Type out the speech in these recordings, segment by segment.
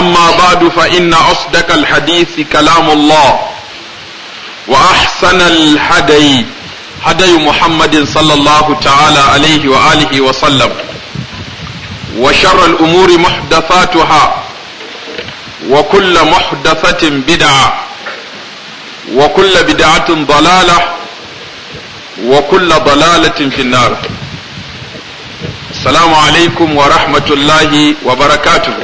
أما بعد فإن أصدق الحديث كلام الله وأحسن الهدي هدي محمد صلى الله تعالى عليه وآله وسلم وشر الأمور محدثاتها وكل محدثة بدعة وكل بدعة ضلالة وكل ضلالة في النار السلام عليكم ورحمة الله وبركاته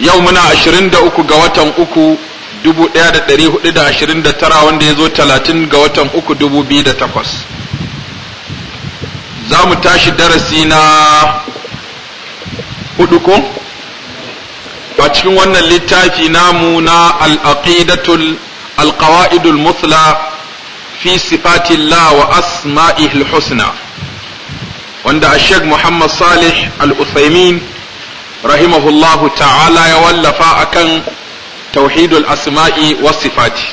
yau muna 23 ga watan uku 1429 wanda ya zo 30 ga watan uku 2008 za mu tashi darasi na hudu ko a cikin wannan littafi namu na al'aqidatul alqawa'idul musla fi sifatillah wa asma'ihil husna wanda a sheikh muhammad salih al-uthaymin rahimahullahu ta'ala ya wallafa akan tauhidul asma'i was sifati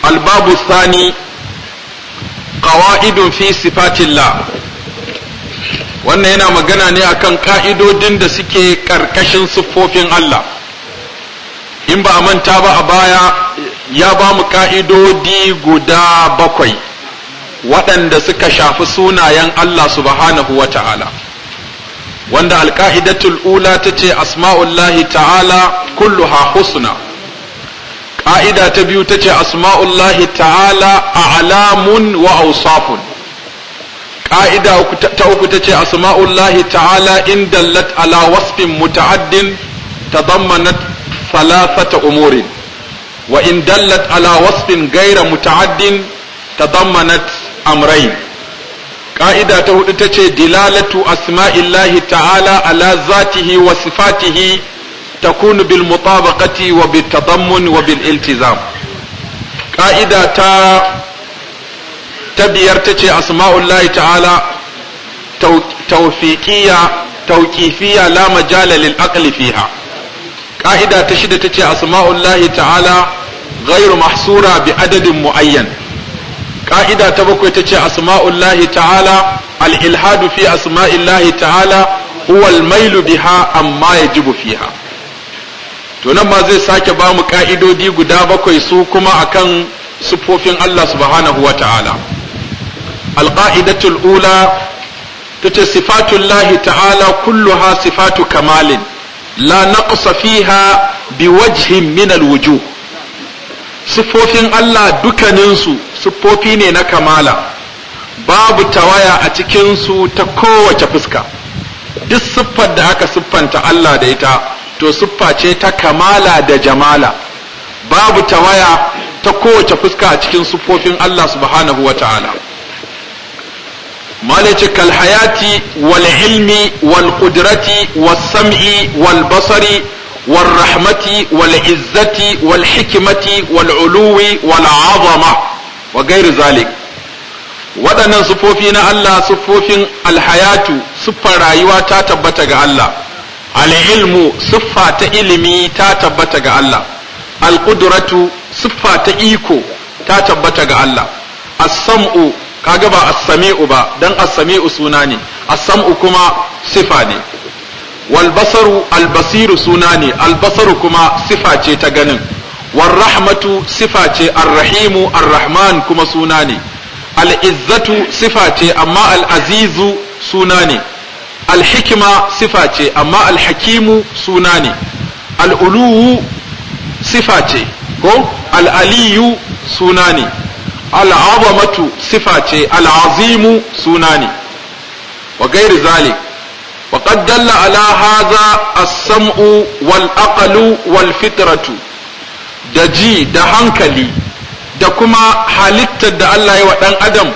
albabu thani qawa'idun fi sifatillah wannan yana magana ne akan ka'idodin da suke karkashin siffofin Allah in ba a manta ba a baya ya ba mu ka'idodi guda bakwai waɗanda suka shafi sunayen Allah subhanahu wa ta'ala wanda alƙa'idatul ula ta ce asma'ullahi ta'ala ha husna ƙa'ida ta biyu ta ce asma'ullahi ta'ala a'lamun wa ausafun ƙa'ida ta uku ta ce asma'ullahi ta'ala in dallat ala wasfin muta'addin tadammanat thalathata umurin wa in dallat ala wasfin gaira muta'addin tadammanat amrayn ƙa'ida ta hudu ta ce dilalatu asma'illahi ta'ala ala zatihi wa sifatihi takunu bil mutabaqati wa bil tadammun wa bil iltizam Ka'ida ta ta biyar ta ce asma'ullahi ta'ala tawfiqiyya tawqifiyya la majala lil aqli fiha ƙa'ida ta shida ta ce asma'ullahi ta'ala ghairu mahsura bi adadin muayyan ka'ida ta bakwai ta ce asma'ullahi ta'ala al-ilhadu fi asma'illahi ta'ala huwa mailu biha amma yajibu fiha to nan ma zai sake ba mu ka'idodi guda bakwai su kuma akan sufofin Allah subhanahu wa ta'ala al-qa'idatul ula tace sifatullahi ta'ala kulluha sifatu kamalin la naqsa fiha biwajhin min al-wujuh siffofin Allah dukaninsu siffofi ne na kamala babu tawaya a cikinsu ta kowace fuska duk siffar da aka siffanta Allah da ita to siffa ce ta kamala da jamala babu tawaya ta kowace fuska a cikin siffofin Allah subhanahu wa ta'ala malice kalhayati wal hilmi wal kudurati wal sam'i wal basari والرحمة والعزة والحكمة والعلو والعظمة وغير ذلك waɗannan sufofi na Allah siffofin alhayatu siffar rayuwa ta tabbata ga Allah al'ilmu siffa ta ilimi ta tabbata ga Allah alƙuduratu siffa ta iko ta tabbata ga Allah as-sam'u kaga ba as-sami'u ba don as-sami'u suna ne as-sam'u kuma sifa ne Walbasaru basaru al basiru suna ne albasaru kuma siface ta ganin war siface sifa ce kuma suna ne Al'izzatu siface sifa amma al azizu suna ne alhikima siface sifa amma al hakimu suna ne al uluwu sifa ko al aliyu suna ne al azamatu sifa suna ne wa gairi zalik وقد دل على هذا السمع والأقل والفطرة da ji da hankali da kuma halittar da Allah ya wa ɗan adam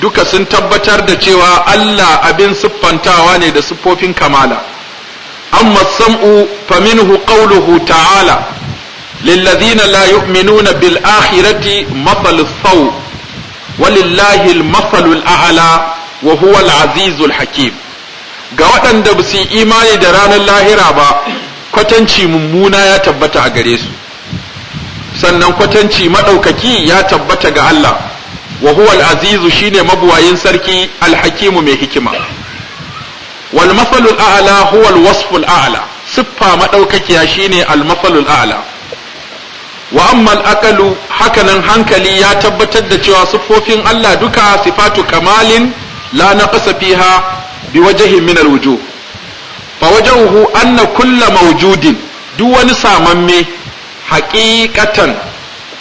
duka sun tabbatar da cewa Allah abin siffantawa ne da siffofin kamala amma sam'u faminhu qawluhu ta'ala lillazina la yu'minuna bil akhirati mathalu thaw walillahi al mathalu a'la wa huwa al azizul hakim ga waɗanda ba su imani da ranar lahira ba kwatanci mummuna ya tabbata a gare su sannan kwatanci maɗaukaki ya tabbata ga Allah wa huwal azizu shine mabuwayin sarki alhakimu mai hikima wal mafalul a'la huwal wasful a'la siffa maɗaukakiya shine al mafalul a'la wa ammal akalu hakanan hankali ya tabbatar da cewa siffofin Allah duka sifatu kamalin la naqsa fiha bi wajhi min alwujuh wajen wajhuhu anna kullu maujudin duk wani samamme haqiqatan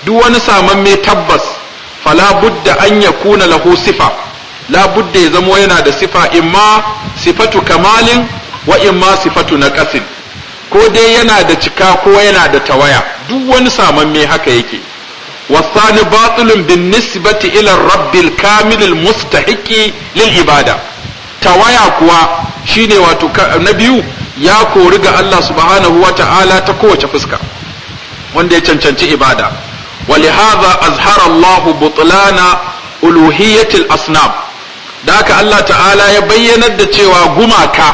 duk wani samamme tabbas fala budda an yakuna lahu sifa la budda ya zamo yana da sifa imma sifatu kamalin wa imma sifatu naqasin ko dai yana da cika ko yana da tawaya duk wani samamme haka yake والثاني باطل ilar إلى الرب الكامل lil ibada. tawaya kuwa shine wato na biyu ya kori ga Allah subhanahu wa ta'ala ta kowace fuska wanda ya cancanci ibada ولهذا أظهر الله بطلان ألوهية الأصنام ذاك الله تعالى يبين الدتوى غماكا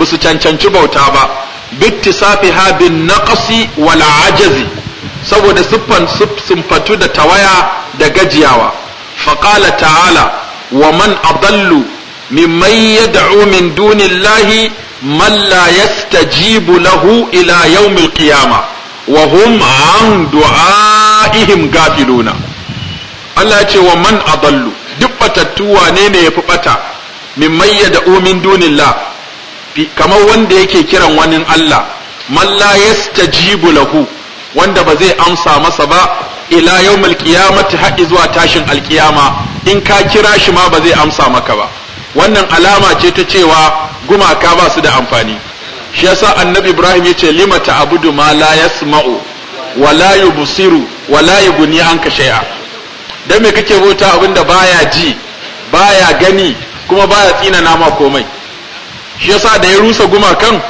بس تنشنش بوتابا باتسافها بالنقص والعجز saboda siffan sumfatu da tawaya da gajiyawa faƙala ta'ala wa man adallu mimman yad'u min dunillahi man la yastajibu lahu ila yawmil qiyamah wa hum an du'aihim gafiluna Allah ce wa man adallu duk batattu wane ne yafi bata mimman yad'u min kamar wanda yake kiran wani Allah man la yastajibu lahu wanda ba zai amsa masa ba ila yawmil qiyamati haɗi zuwa tashin alkiyama in ka kira shi ma ba zai amsa maka ba wannan alama ce ta cewa gumaka ba su da amfani shi yasa annabi ibrahim ya ce lima abudu ma la yasma'u wa la yubsiru wa la yughni anka shay'a dan me kake bauta abinda baya ji baya gani kuma baya tsina nama komai shi yasa da ya rusa gumakan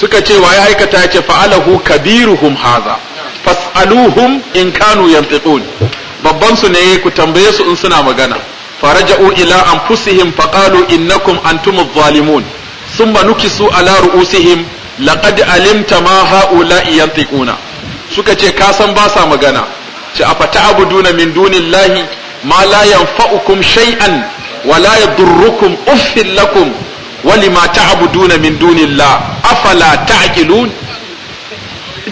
suka ce wa ya aikata ya ce fa'alahu kabiruhum haza fas'aluhum in kanu yantiqun babban su ne ku tambaye su in suna magana فرجعوا إلى أنفسهم فقالوا إنكم أنتم الظالمون ثم نكسوا على رؤوسهم لقد علمت ما هؤلاء ينطقون suka ce ka san ba sa magana ce a fata'abuduna min dunillahi ma la yanfa'ukum shay'an wa la yadurrukum uffin lakum wa lima ta'buduna min dunillah afala ta'qilun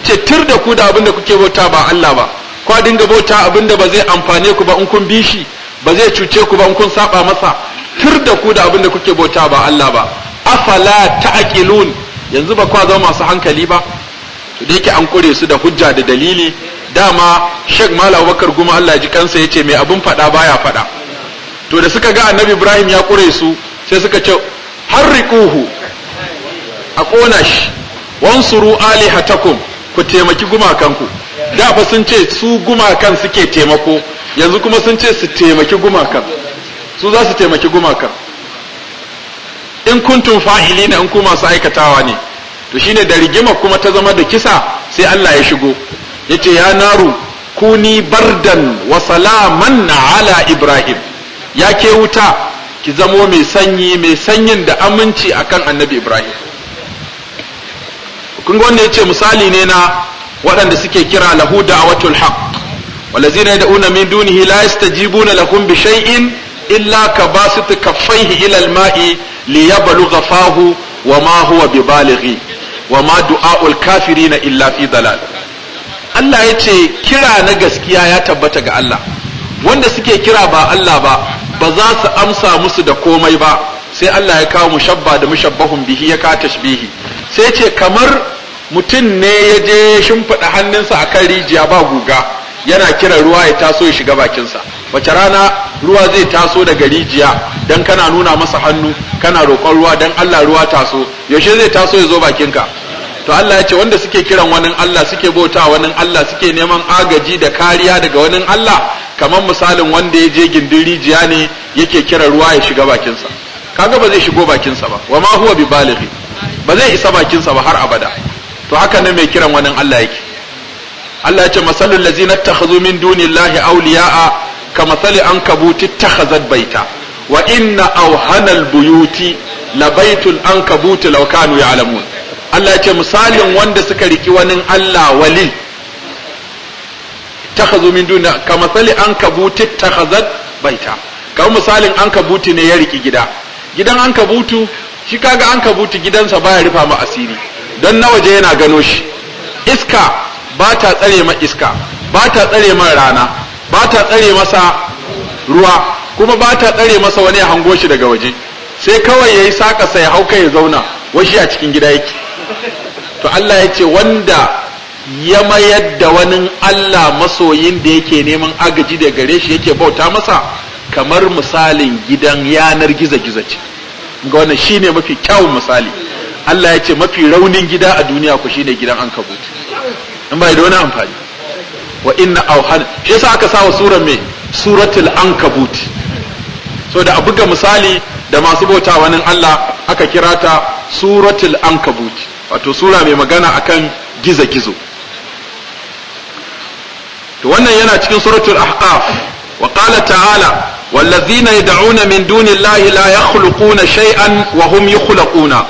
ce tir da ku da abinda kuke bauta ba Allah ba kwa dinga bauta abinda ba zai amfane ku ba in kun bi shi ba zai cuce ku ba in kun saba masa fir da ku da abin da kuke bauta ba Allah ba afala ta'qilun yanzu ba kwa zama masu hankali ba to da yake an kure su da hujja da dalili dama Sheikh Malam Abubakar Guma Allah ji kansa yace mai abin fada baya fada to da suka ga Annabi Ibrahim ya kure su sai suka ce harriquhu a kona shi wansuru alihatakum ku taimaki gumakanku da fa sun ce su gumakan suke taimako yanzu kuma sun ce su taimaki gumakan su za su taimaki gumakan in kuntum na in kuma su aikatawa ne to shine da rigima kuma ta zama da kisa sai Allah ya shigo yace ya naru kuni bardan wa salaman ala ibrahim ya ke wuta ki zamo mai sanyi mai sanyin da aminci akan annabi ibrahim kun ga wanda yace misali ne na waɗanda suke kira lahu da'watul haqq walazina yad'una min dunihi la yastajibuna lahum bi shay'in illa kabasita kaffaihi ila al-ma'i liyablugha fahu wa ma huwa bibalighi wa ma du'a'ul kafirina illa fi dalal Allah yace kira na gaskiya ya tabbata ga Allah wanda suke kira ba Allah ba ba za su amsa musu da komai ba sai Allah ya kawo mushabba da mushabbahun bihi ya ka tashbihi sai ce kamar mutum ne ya je shimfiɗa hannunsa akan rijiya ba guga yana kiran ruwa ya taso ya shiga bakinsa wace rana ruwa zai taso daga rijiya dan kana nuna masa hannu kana roƙon ruwa dan Allah ruwa taso yaushe zai taso ya zo bakinka to Allah ya ce wanda suke kiran wani Allah suke bauta wani Allah suke neman agaji da kariya daga wani Allah kamar misalin wanda ya je gindin rijiya ne yake kiran ruwa ya shiga bakinsa kaga ba zai shigo bakinsa ba wa ma huwa bi balighi ba zai isa bakinsa ba har abada to haka ne mai kiran wani Allah yake Allah ya ce masalul lazina takhadhu min dunillahi awliya'a ka masali an kabuti takhazat baita wa inna awhanal buyuti la baitul an kabuti law kanu ya'lamun Allah ya ce misalin wanda suka riki wani Allah wali takhadhu min duni ka masali an kabuti takhazat baita kawai misalin an kabuti ne ya riki gida gidan an kabutu shi kaga an kabuti gidansa baya rufa ma asiri don na waje yana gano shi iska ba ta tsare ma iska ba ta tsare ma rana ba ta tsare masa ruwa kuma ba ta tsare masa wani hango shi daga waje sai kawai yayi saka ya hauka ya zauna washi a cikin gida yake to Allah ya ce wanda ya mayar da wani Allah masoyin da yake neman agaji da gare shi yake bauta masa kamar misalin gidan yanar gizo-gizo ce ga wannan shine mafi kyawun misali Allah ya ce mafi raunin gida a duniya ku shine gidan an kabutu in bai da wani amfani wa inna auhan shi yasa aka sa wa sura me suratul ankabut so da a buga misali da masu bauta wani Allah aka kira ta suratul ankabut wato sura mai magana akan gizo-gizo to wannan yana cikin suratul ahqaf wa qala ta'ala wallazina yad'una min dunillahi la yakhluquna shay'an wa hum yakhluquna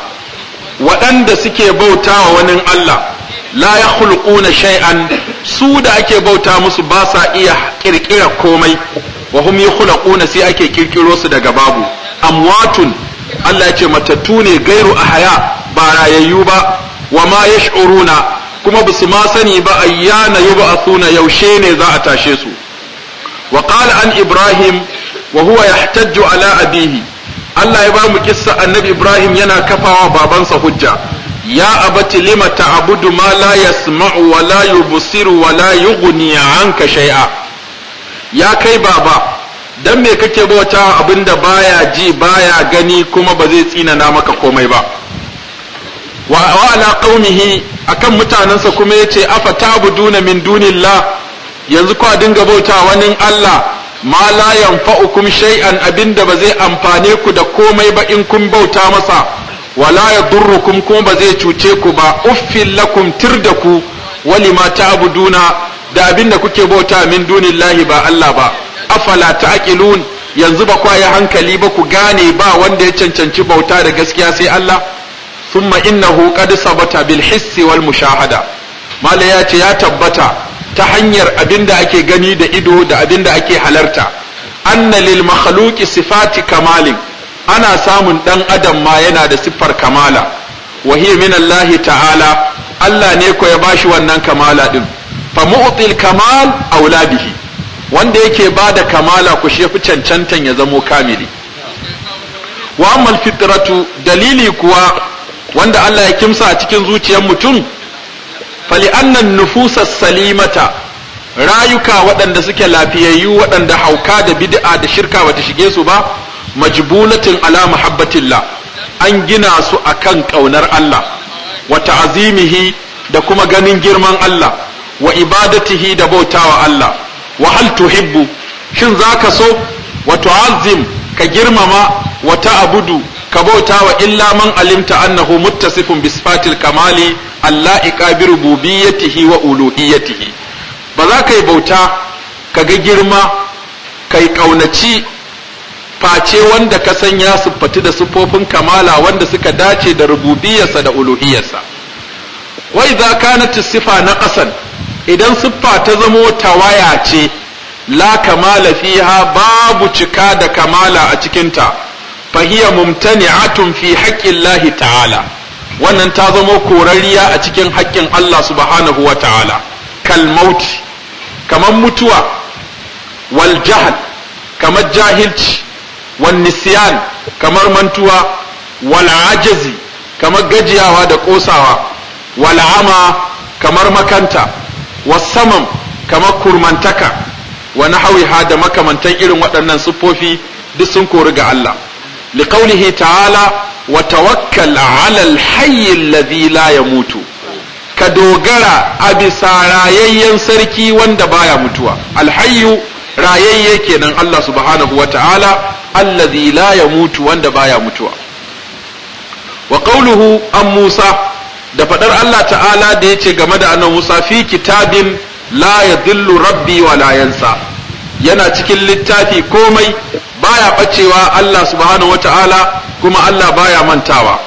waɗanda suke bautawa wani Allah la ya hulƙuna shay'an su da ake bauta musu ba sa iya ƙirƙira komai wa hum yukhlaquna sai ake ƙirƙiro su daga babu amwatun Allah ya ce matattu ne gairu a haya. ba rayayyu ba wa ma yash'uruna kuma basu ma sani ba ayyana suna yaushe ne za a tashe su wa qala an ibrahim wa huwa yahtajju ala abihi Allah ya ba mu kissa annabi ibrahim yana kafawa babansa hujja ya abati lima ta'budu ma la yasma'u wa la yubsiru wa la yughni anka shay'a ya kai baba dan me kake bauta abinda baya ji baya gani kuma ba zai tsinana maka komai ba wa ala qaumihi akan mutanansa kuma yace afa ta'buduna min dunillah yanzu kwa dinga bauta wani Allah ma la yanfa'ukum shay'an abinda ba zai amfane ku da komai ba in kun bauta masa wala ya durrukum kuma ba zai cuce ku ba uffil lakum tirdaku walima abuduna da abin da kuke bauta min dunillahi ba Allah ba afala ta ta'qilun yanzu ba kwa ya hankali ba ku gane ba wanda ya cancanci bauta da gaskiya sai Allah thumma innahu qad sabata bil hissi wal mushahada mala ya ce ya tabbata ta hanyar abin da ake gani da ido da abin da ake halarta anna lil makhluqi sifati kamalin ana samun ɗan adam ma yana da siffar kamala wahiyya min Allah ta'ala Allah ne ko ya bashi wannan kamala din fa mu'til kamal auladihi wanda yake bada kamala ku shi fi cancantan ya zamo kamili wa ammal fitratu dalili kuwa wanda Allah ya kimsa a cikin zuciyar mutum fali annan nufusas salimata rayuka waɗanda suke lafiyayyu waɗanda hauka da bid'a da shirka bata shige su ba majbulatin ala muhabbatillah an gina su akan ƙaunar Allah wa ta'zimihi da kuma ganin girman Allah wa ibadatihi da bautawa Allah wa hal tuhibbu shin zaka so wa tu'azzim ka girmama wa ta'budu ka bautawa illa man alimta annahu muttasifun bi sifatil kamali allaika bi rububiyyatihi wa uluhiyyatihi ba za ka yi bauta ka ga girma kai kaunaci face wanda ka san ya siffatu da siffofin kamala wanda suka dace da rububiyarsa da uluhiyarsa wai za na sifa na ƙasan idan siffa ta zamo tawaya ce la kamala fiha babu cika da kamala a cikinta fahiya mumtani'atun fi haƙƙin lahi ta'ala wannan ta zamo korariya a cikin haƙƙin Allah subhanahu wa ta'ala kalmauti kamar mutuwa wal jahal kamar jahilci wan kamar mantuwa wal ajazi kamar gajiyawa da ƙosawa. wal kamar makanta Wa saman kamar kurmantaka wa nahawiha da makamantan irin waɗannan siffofi duk sun kori ga Allah liqaulihi ta'ala wa tawakkal halal hayyin hayy ya mutu. ka dogara a bisa rayayyen sarki wanda baya mutuwa alhayyu rayayye kenan Allah subhanahu wa alladhi la wanda baya mutuwa wa qawluhu an Musa da fadar Allah ta'ala da yace game da annabi Musa fi kitabin la yadhillu rabbi wa la yansa yana cikin littafi komai baya bacewa Allah subhanahu wata'ala kuma Allah baya mantawa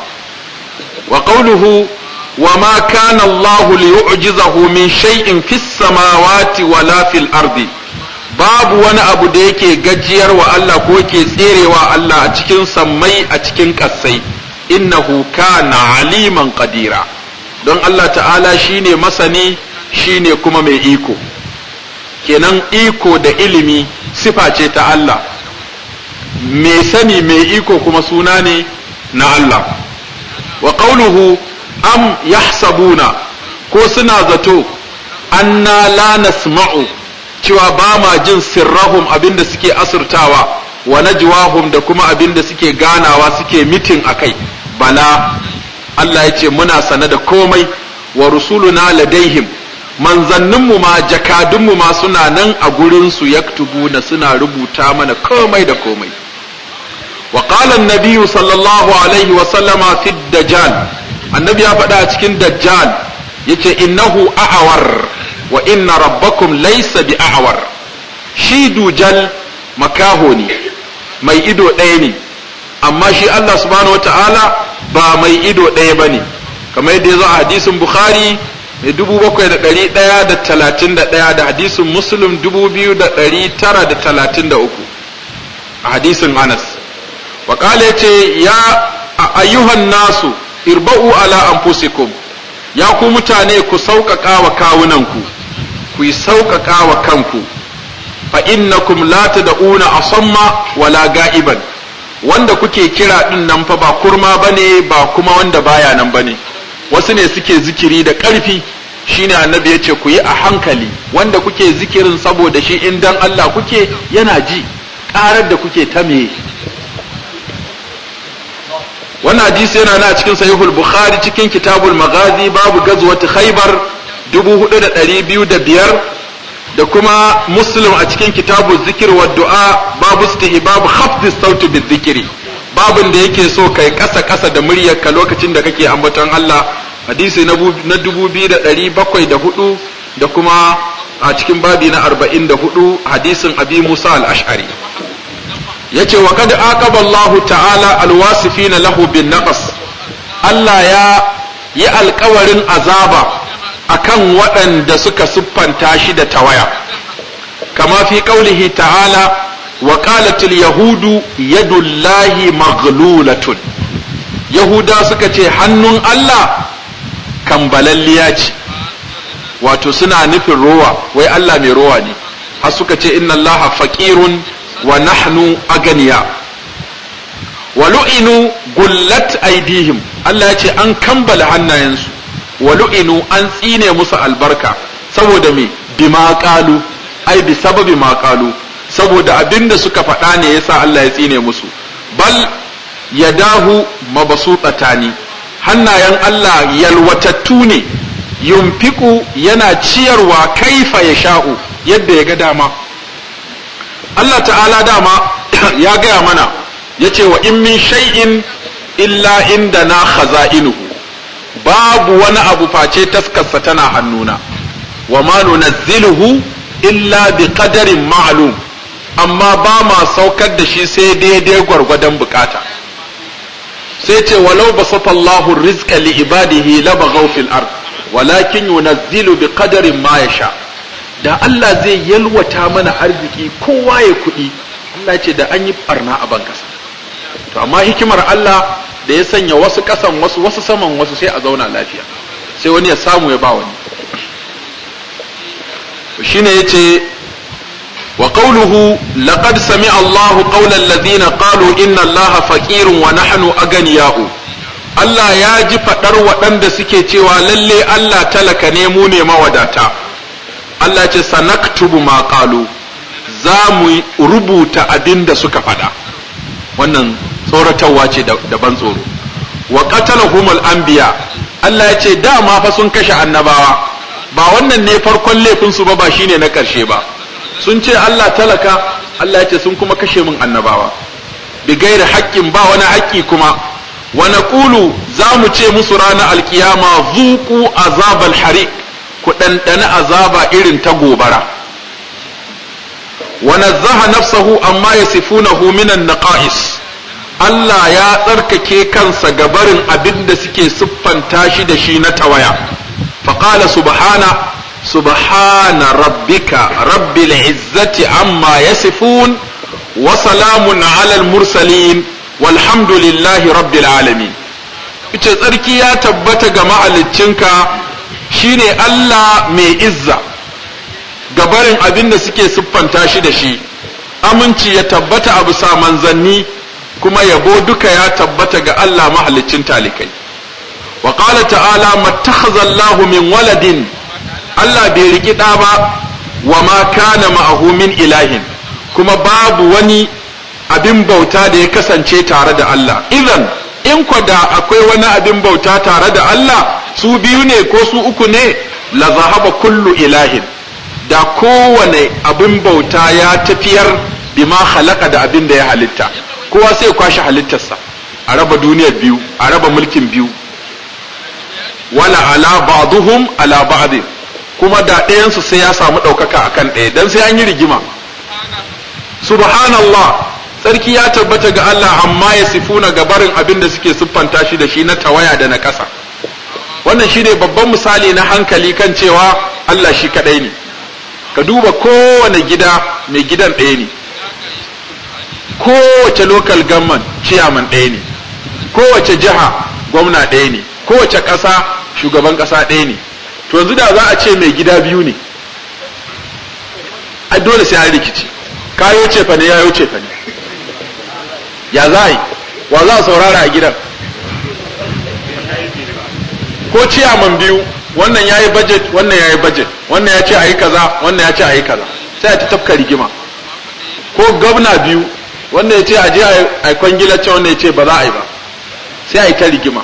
wa wa ma kana Allah liyu'jizahu min shay'in fis samawati wa la fil ardi babu wani abu da yake gajiyar wa Allah ko yake tserewa Allah a cikin sammai a cikin ƙasai innahu kana aliman qadira don Allah ta'ala shine masani shine kuma mai iko kenan iko da ilimi sifa ce ta Allah mai sani mai iko kuma suna ne na Allah wa qauluhu am yahsabuna ko suna zato anna la nasma'u cewa ba ma jin sirrahum abinda suke asurtawa wa najwahum da kuma abinda suke ganawa suke mitin akai bala Allah ya ce muna sane da komai wa rusuluna ladaihim manzanninmu ma jakadunmu ma suna nan a gurinsu na suna rubuta mana komai da komai wa qala an sallallahu alaihi wa sallama fi dajjal annabi ya faɗa a cikin dajjal yace innahu a'awar wa inna rabbakum laysa bi a'war shi dujal makaho ne mai ido ɗaya ne amma shi Allah subhanahu wata'ala ba mai ido ɗaya ba ne kamar yadda ya zo a hadisin bukhari mai dubu bakwai da ɗari ɗaya da talatin da ɗaya da hadisin muslim dubu biyu da ɗari tara da talatin da uku a hadisin anas wa ya ce ya ayyuhan nasu irba'u ala anfusikum ya ku mutane ku sauƙaƙa wa kawunanku ku yi sauƙaƙa wa kanku fa da una a asamma wala ga'iban wanda kuke kira din nan fa ba kurma ba ne ba kuma wanda baya nan ba ne wasu ne suke zikiri da ƙarfi ne annabi ce ku yi a hankali wanda kuke zikirin saboda shi in dan Allah kuke yana ji ƙarar da kuke ta me wannan hadisi yana na cikin sahihul bukhari cikin kitabul maghazi babu gazwat khaybar dubu hudu da ɗari biyu da biyar da kuma muslim a cikin kitabu zikir wa du'a babu istihbab khafd sauti bi zikiri babin da yake so kai kasa kasa da muryarka lokacin da kake ambaton Allah hadisi na dubu biyu da ɗari bakwai da hudu da kuma a cikin babi na arba'in da hudu hadisin abi musa al-ash'ari yace wa kad aqaba ta'ala alwasifina lahu bin naqas Allah ya yi alkawarin azaba akan waɗanda suka siffanta shi da tawaya kama fi qaulihi ta'ala wa qalatil yahudu yadullahi maglulatun yahuda suka ce hannun Allah kambalalliya ce wato suna nufin rowa wai Allah mai rowa ne har suka ce inna Allah faƙirun wa nahnu aganiya wa lu'inu gullat aidihim Allah ya ce an kambala hannayensu walu'inu an tsine musu albarka saboda me bimaƙalu ai bi sababi ma saboda abin da suka faɗa ne yasa Allah ya tsine musu bal ya yadahu ni hannayen Allah yalwatattu ne yunfiku yana ciyarwa kaifa ya sha'u yadda ya ga dama Allah ta'ala dama ya gaya mana ya ce wa in min shay'in illa inda na khaza'inuhu babu wani abu face taskarsa tana hannuna wa ma nunazziluhu illa bi qadarin ma'lum amma ba ma saukar da shi sai daidai gwargwadon bukata sai ce walau basata Allahu rizqa li ibadihi baghaw fil ard walakin yunazzilu bi qadarin ma yasha da Allah zai yalwata mana arziki kowa ya kuɗi Allah ce da an yi barna a bankasa to amma hikimar Allah da ya sanya wasu kasan wasu wasu saman wasu sai a zauna lafiya sai wani ya samu ya ba wani shine yace wa qawluhu laqad sami'a Allahu qawla alladhina laha inna Allaha hannu wa gani aganiya'u Allah ya ji faɗar waɗanda suke cewa lalle Allah talaka ne mu ne mawadata Allah ce sanaktubu ma qalu za mu rubuta abin da suka faɗa wannan tsoratarwa ce da ban tsoro wa an anbiya Allah ya ce dama fa sun kashe annabawa ba wannan ne farkon laifin su ba ba shine na karshe ba sun ce Allah talaka Allah ya ce sun kuma kashe min annabawa bi gairi haƙƙin ba wani haƙƙi kuma wa naqulu za mu ce musu ranar alkiyama zuku azabal hari ku ɗanɗani azaba irin ta gobara wa nazzaha nafsahu amma yasifunahu minan naqa'is Allah ya tsarkake kansa gabarin abin da suke siffanta shi da shi na tawaya faƙala subhana subhana rabbika rabbil izzati amma yasifun wa salamun alal mursalin walhamdulillahi rabbil alamin ita tsarki ya tabbata ga ma'alicinka shine Allah mai izza gabarin abin da suke siffanta shi da shi aminci ya tabbata a bisa manzanni kuma yabo duka ya tabbata ga Allah mahalicin talikai wa ta'ala mattakhadha Allahu min waladin Allah bai riki ɗa ba wa ma na ma'ahu ilahin kuma babu wani abin bauta da ya kasance tare da Allah idan in kwada akwai wani abin bauta tare da Allah su biyu ne ko su uku ne la zahaba kullu ilahin da kowane abin bauta ya tafiyar bima khalaqa da abin da ya halitta kowa sai ya kwashi halittarsa a raba duniyar biyu a raba mulkin biyu wala ala ba'dhum ala ba'd kuma da ɗayansu sai ya samu ɗaukaka akan ɗaya dan sai an yi rigima subhanallah sarki ya tabbata ga Allah amma ya sifuna gabarin abin da suke siffanta shi da shi na tawaya da na ƙasa wannan shi ne babban misali na hankali kan cewa Allah shi kaɗai ne ka duba kowane gida mai gidan ɗaya ne kowace local government ciyaman ɗaya ne kowace jiha gwamna ɗaya ne kowace ƙasa shugaban ƙasa ɗaya ne to yanzu da za a ce mai gida biyu ne a dole sai an rikici kayo cefa ne yayo cefa ne ya za yi wa za a saurara a gidan ko ciyaman biyu wannan ya yi budget wannan ya yi budget wannan ya ce a yi kaza wannan ya ce a yi kaza sai a ta tafka rigima ko gwamna biyu wanda ya ce a je a kwangilacin wanda ya ce ba za a yi ba sai a yi ta rigima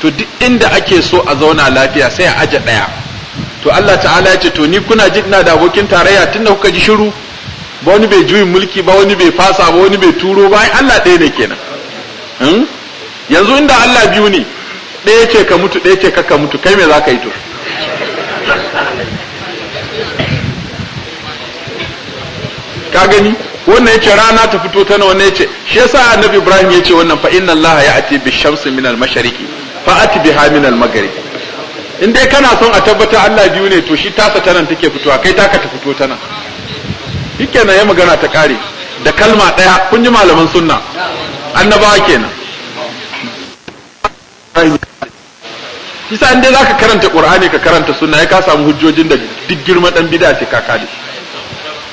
to duk inda ake so a zauna lafiya sai a aje ɗaya to Allah ta'ala ya ce to ni kuna ji ina da abokin tarayya tun da kuka ji shiru ba wani bai juyin mulki ba wani bai fasa ba wani bai turo ba Allah ɗaya ne kenan hmm? yanzu inda Allah biyu ne ɗaya ce ka mutu ɗaya ce ka ka mutu kai me za ka yi to ka gani wannan yace rana ta fito ta nawa ne yace shi yasa annabi ibrahim yace wannan fa inna allaha ya'ti bi shamsi min al mashariqi fa ati biha min al maghribi in dai kana son a tabbata Allah biyu ne to shi tasa ta nan take fitowa kai taka ta fito ta nan shikenan ya magana ta kare da kalma daya kun ji malaman sunna annabawa kenan kisa in dai zaka karanta qur'ani ka karanta sunna ya ka samu hujjojin da duk dan bid'a ce ka kada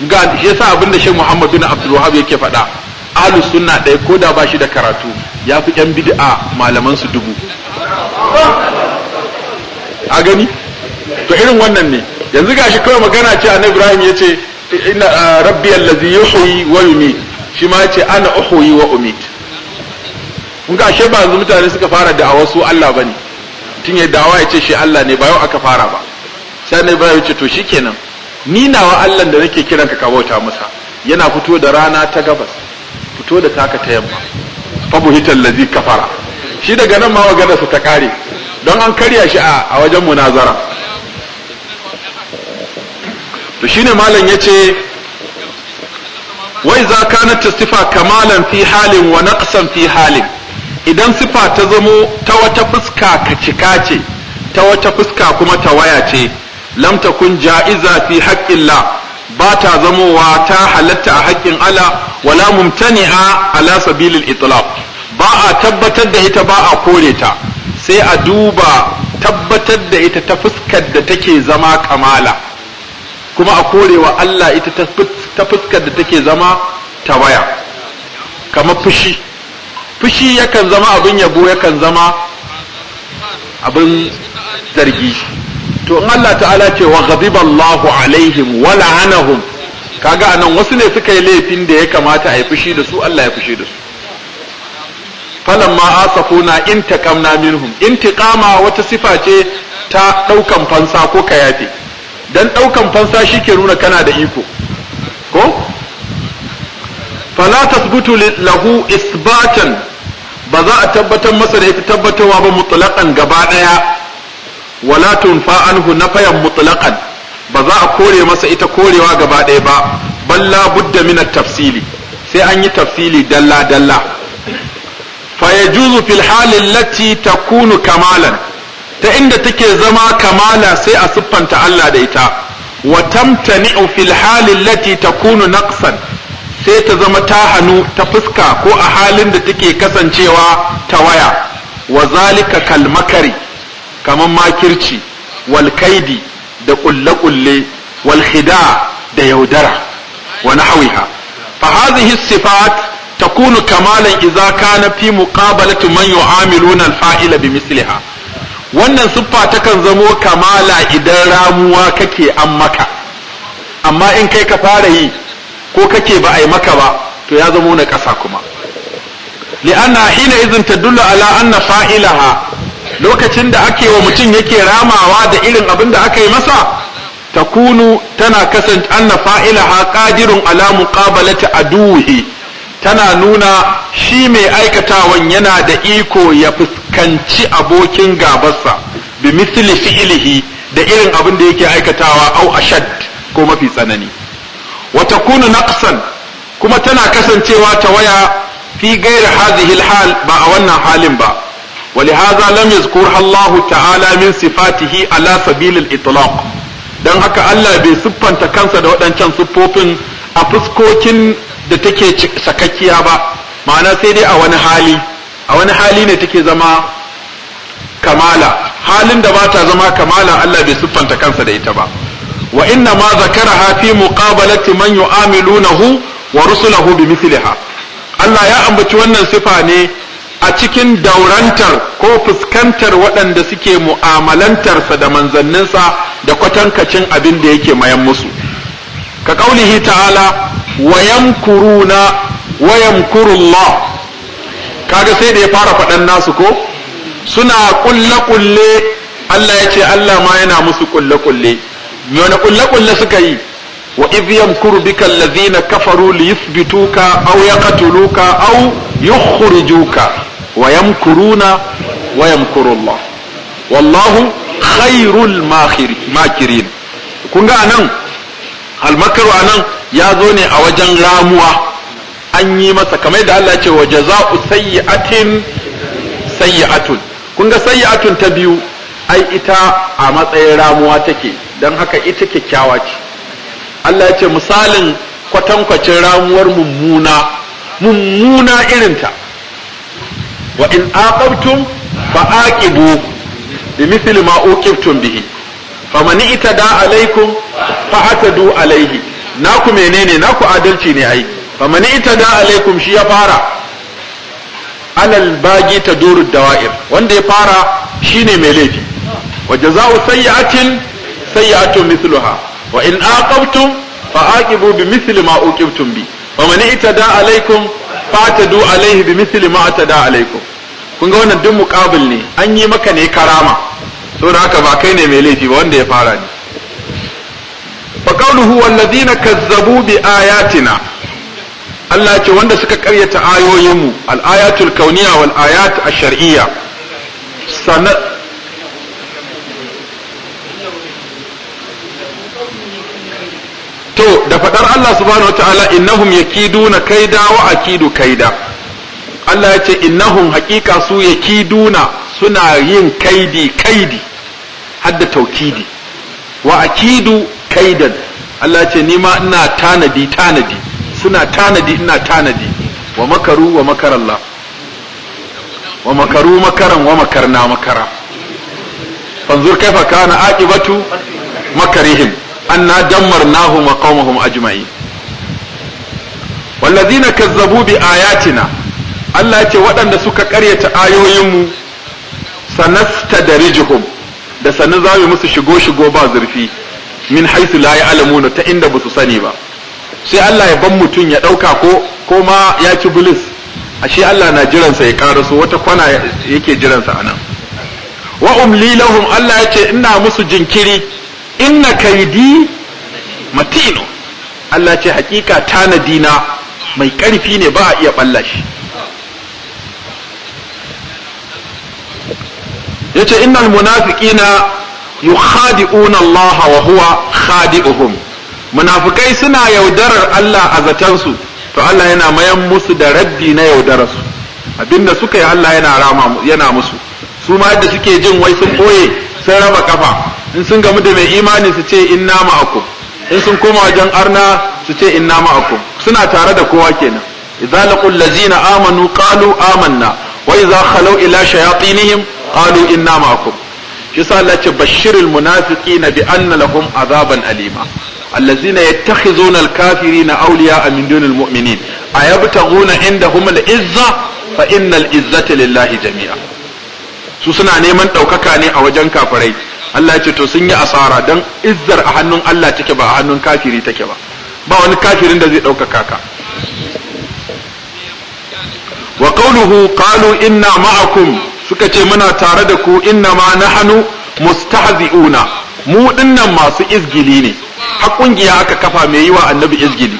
ga shi yasa abin da Sheikh Muhammad bin Abdul Wahhab yake faɗa ahlus sunna ɗaya ko da ba shi da karatu ya fi ƴan bid'a malaman su dubu a gani to irin wannan ne yanzu gashi kawai magana ce annabi Ibrahim yace inna rabbi allazi yuhyi wa yumit shi ma yace ana uhyi wa umit kun ga ashe ba yanzu mutane suka fara da awasu Allah bane tun ya dawa yace shi Allah ne ba yau aka fara ba sai annabi Ibrahim yace to shikenan ni nawa Allah da nake kiran ka bauta masa yana fito da rana ta gabas fito da taka ta yamma fabu hital ladzi kafara shi daga nan ma magana su ta kare don an karya shi a wajen munazara to shine malam yace wai za kanat tasifa kamalan fi halin wa naqsan fi halin idan sifa ta zamo ta wata fuska ka cika ce ta wata fuska kuma ta waya ce lam takun ja'iza fi haqqillah ba ta zamowa ta halatta a haƙƙin Allah wala mumtani'a ala sabilil itlaq ba a tabbatar da ita ba a kore ta sai a duba tabbatar da ita ta fuskar da take zama kamala kuma a korewa Allah ita ta fuskar da take zama tawaya kamar fushi fushi yakan zama abin yabo yakan zama abin zargi to in Allah ta'ala ce wa ghadiballahu alaihim wa la'anahum kaga anan wasu ne suka yi laifin da ya kamata a yi fushi da su Allah ya fushi da su ma asafuna intaqamna minhum intiqama wata sifa ce ta daukan fansa ko kayafi dan daukan fansa shike nuna kana da iko ko fala tasbutu lahu isbatan ba za a tabbatar masa da ita tabbatarwa ba mutlaqan gaba daya wala tunfa anhu nafayan mutlaqan ba za a kore masa ita korewa gaba ɗaya ba balla budda min tafsili sai an yi tafsili dalla dalla fa yajuzu fil hali allati takunu kamalan ta inda take zama kamala sai a siffanta Allah da ita wa tamtani'u fil hali allati takunu naqsan sai ta zama ta hannu ta fuska ko a halin da take kasancewa ta waya wa zalika kal makari kamar makirci wal kaidi da kulle kulle wal da yaudara wa nahwiha fa hadhihi sifat takunu kamalan idza kana fi muqabalati man yu'amiluna al fa'ila bi misliha wannan siffa takan zamo kamala idan ramuwa kake an maka amma in kai ka fara yi ko kake ba a yi maka ba to ya zamo na ƙasa kuma li'anna hina izin tadullu ala anna fa'ilaha lokacin da ake wa mutum yake ramawa da irin abin da aka yi masa takunu tana kasance ha fa'ilaha qadirun ala muqabalati aduhi tana nuna shi mai aikatawan yana da iko ya fuskanci abokin gabarsa bi misli da irin abin da yake aikatawa au ashad ko mafi tsanani wa na naqsan kuma tana kasancewa ta waya fi gaira hazihil hal ba a wannan halin ba ولهذا لم يذكرها الله تعالى من صفاته على سبيل الإطلاق dan haka Allah bai siffanta kansa da waɗancan siffofin a fuskokin da take sakakkiya ba ma'ana sai dai a wani hali a wani hali ne take zama kamala halin da ba ta zama kamala Allah bai siffanta kansa da ita ba wa inna ma zakaraha fi muqabalati man yu'amilunahu wa rusulahu bi mithliha Allah ya ambaci wannan sifa ne a cikin daurantar ko fuskantar waɗanda suke mu'amalantarsa da manzanninsa da kwatankacin abin da yake mayan musu ka kaulihi ta'ala wayan kuruna wayan kurullah kaga sai da ya fara faɗan nasu ko suna ƙulle-ƙulle Allah ya ce Allah ma yana musu kulle-kulle wani kulle-kulle suka yi wa idh kuru bika lazina kafaru li au ya yaqtuluka au yukhrijuka ويمكرون ويمكر الله والله خير الماكرين kun ga anan almakaru anan ya zo ne a wajen ramuwa an yi masa kamar da Allah ce wa jaza'u sayyi'atin sayyi'atun kun ga sayyi'atun ta biyu ai ita a matsayin ramuwa take don haka ita kyakkyawa ce Allah ce misalin kwatankwacin ramuwar mummuna mummuna irinta wa in aqabtum fa aqibu bi mithli ma uqibtum bihi Fa faman itada alaikum fa atadu alaihi naku menene naku adalci ne ai faman itada alaikum shi ya fara alal bagi ta duru dawa'ir wanda ya fara shine mai laifi wa jaza'u sayyi'atin sayyi'atun mithluha wa in aqabtum fa aqibu bi mithli ma uqibtum bi wa man itada alaikum fatadu alaihi bi misli ma atada alaikum kun ga wannan duk muqabil ne an yi maka ne karama saboda haka ba kai ne mai laifi ba wanda ya fara ne fa qawluhu walladhina kazzabu bi ayatina Allah ce wanda suka karyata ayoyinmu al ayatul kauniya wal ayat ash-shar'iyya to da faɗar Allah subhanahu wataala innahum kiduna kaida wa kidu kaida Allah ya ce innahum haƙiƙa su yakiduna suna yin kaidi kaidi hadda taukidi wa kidu kaidan Allah ya ce ni ma ina tanadi tanadi suna tanadi ina tanadi wa makaru wa makar Allah wa makaru makaran wa makarna makara fanzur kaifa kana aqibatu makarihim anna dammarnahum wa qaumahum zina kazzabubi kazzabu bi ayatina Allah yace waɗanda suka ƙaryata ayoyinmu sanasta da rijuhum da sannu za mu musu shigo shigo ba zurfi min haisu la alamuna ta inda ba su sani ba sai Allah ya ban mutum ya ɗauka ko ko ma ya ci bilis ashe Allah na jiransa ya karaso wata kwana yake jiransa anan wa umli lahum Allah ya ce ina musu jinkiri inna kaidi matino Allah ce hakika tanadina mai ƙarfi ne ba a iya ɓalla shi ya ce innal munafiqina yukhadi'una Allah wa huwa khadi'uhum munafikai suna yaudarar Allah a su. to Allah yana mayan musu da raddi na yaudararsu abinda suka yi Allah yana rama yana musu su ma yadda suke jin wai sun boye sun raba kafa in sun gamu da mai imani su ce inna ma'akum in sun koma wajen arna su ce inna ma'akum suna tare da kowa kenan idza laqul lazina amanu qalu amanna wa idza khalu ila shayatinihim qalu inna ma'akum shi sa Allah ce bashiril munafiqina bi anna lahum azaban alima الذين يتخذون الكافرين أولياء من دون المؤمنين أيبتغون عندهم العزة فإن العزة lillahi jami'a. su suna neman ɗaukaka ne a wajen kafirai Allah ya ce to sun yi asara dan izzar a hannun Allah take ba a hannun kafiri take ba ba wani kafirin da zai ɗaukaka ka wa qawluhu qalu inna ma'akum suka ce muna tare da ku inna ma nahnu mustahzi'una mu dinnan masu izgili ne har kungiya aka kafa mai yiwa annabi izgili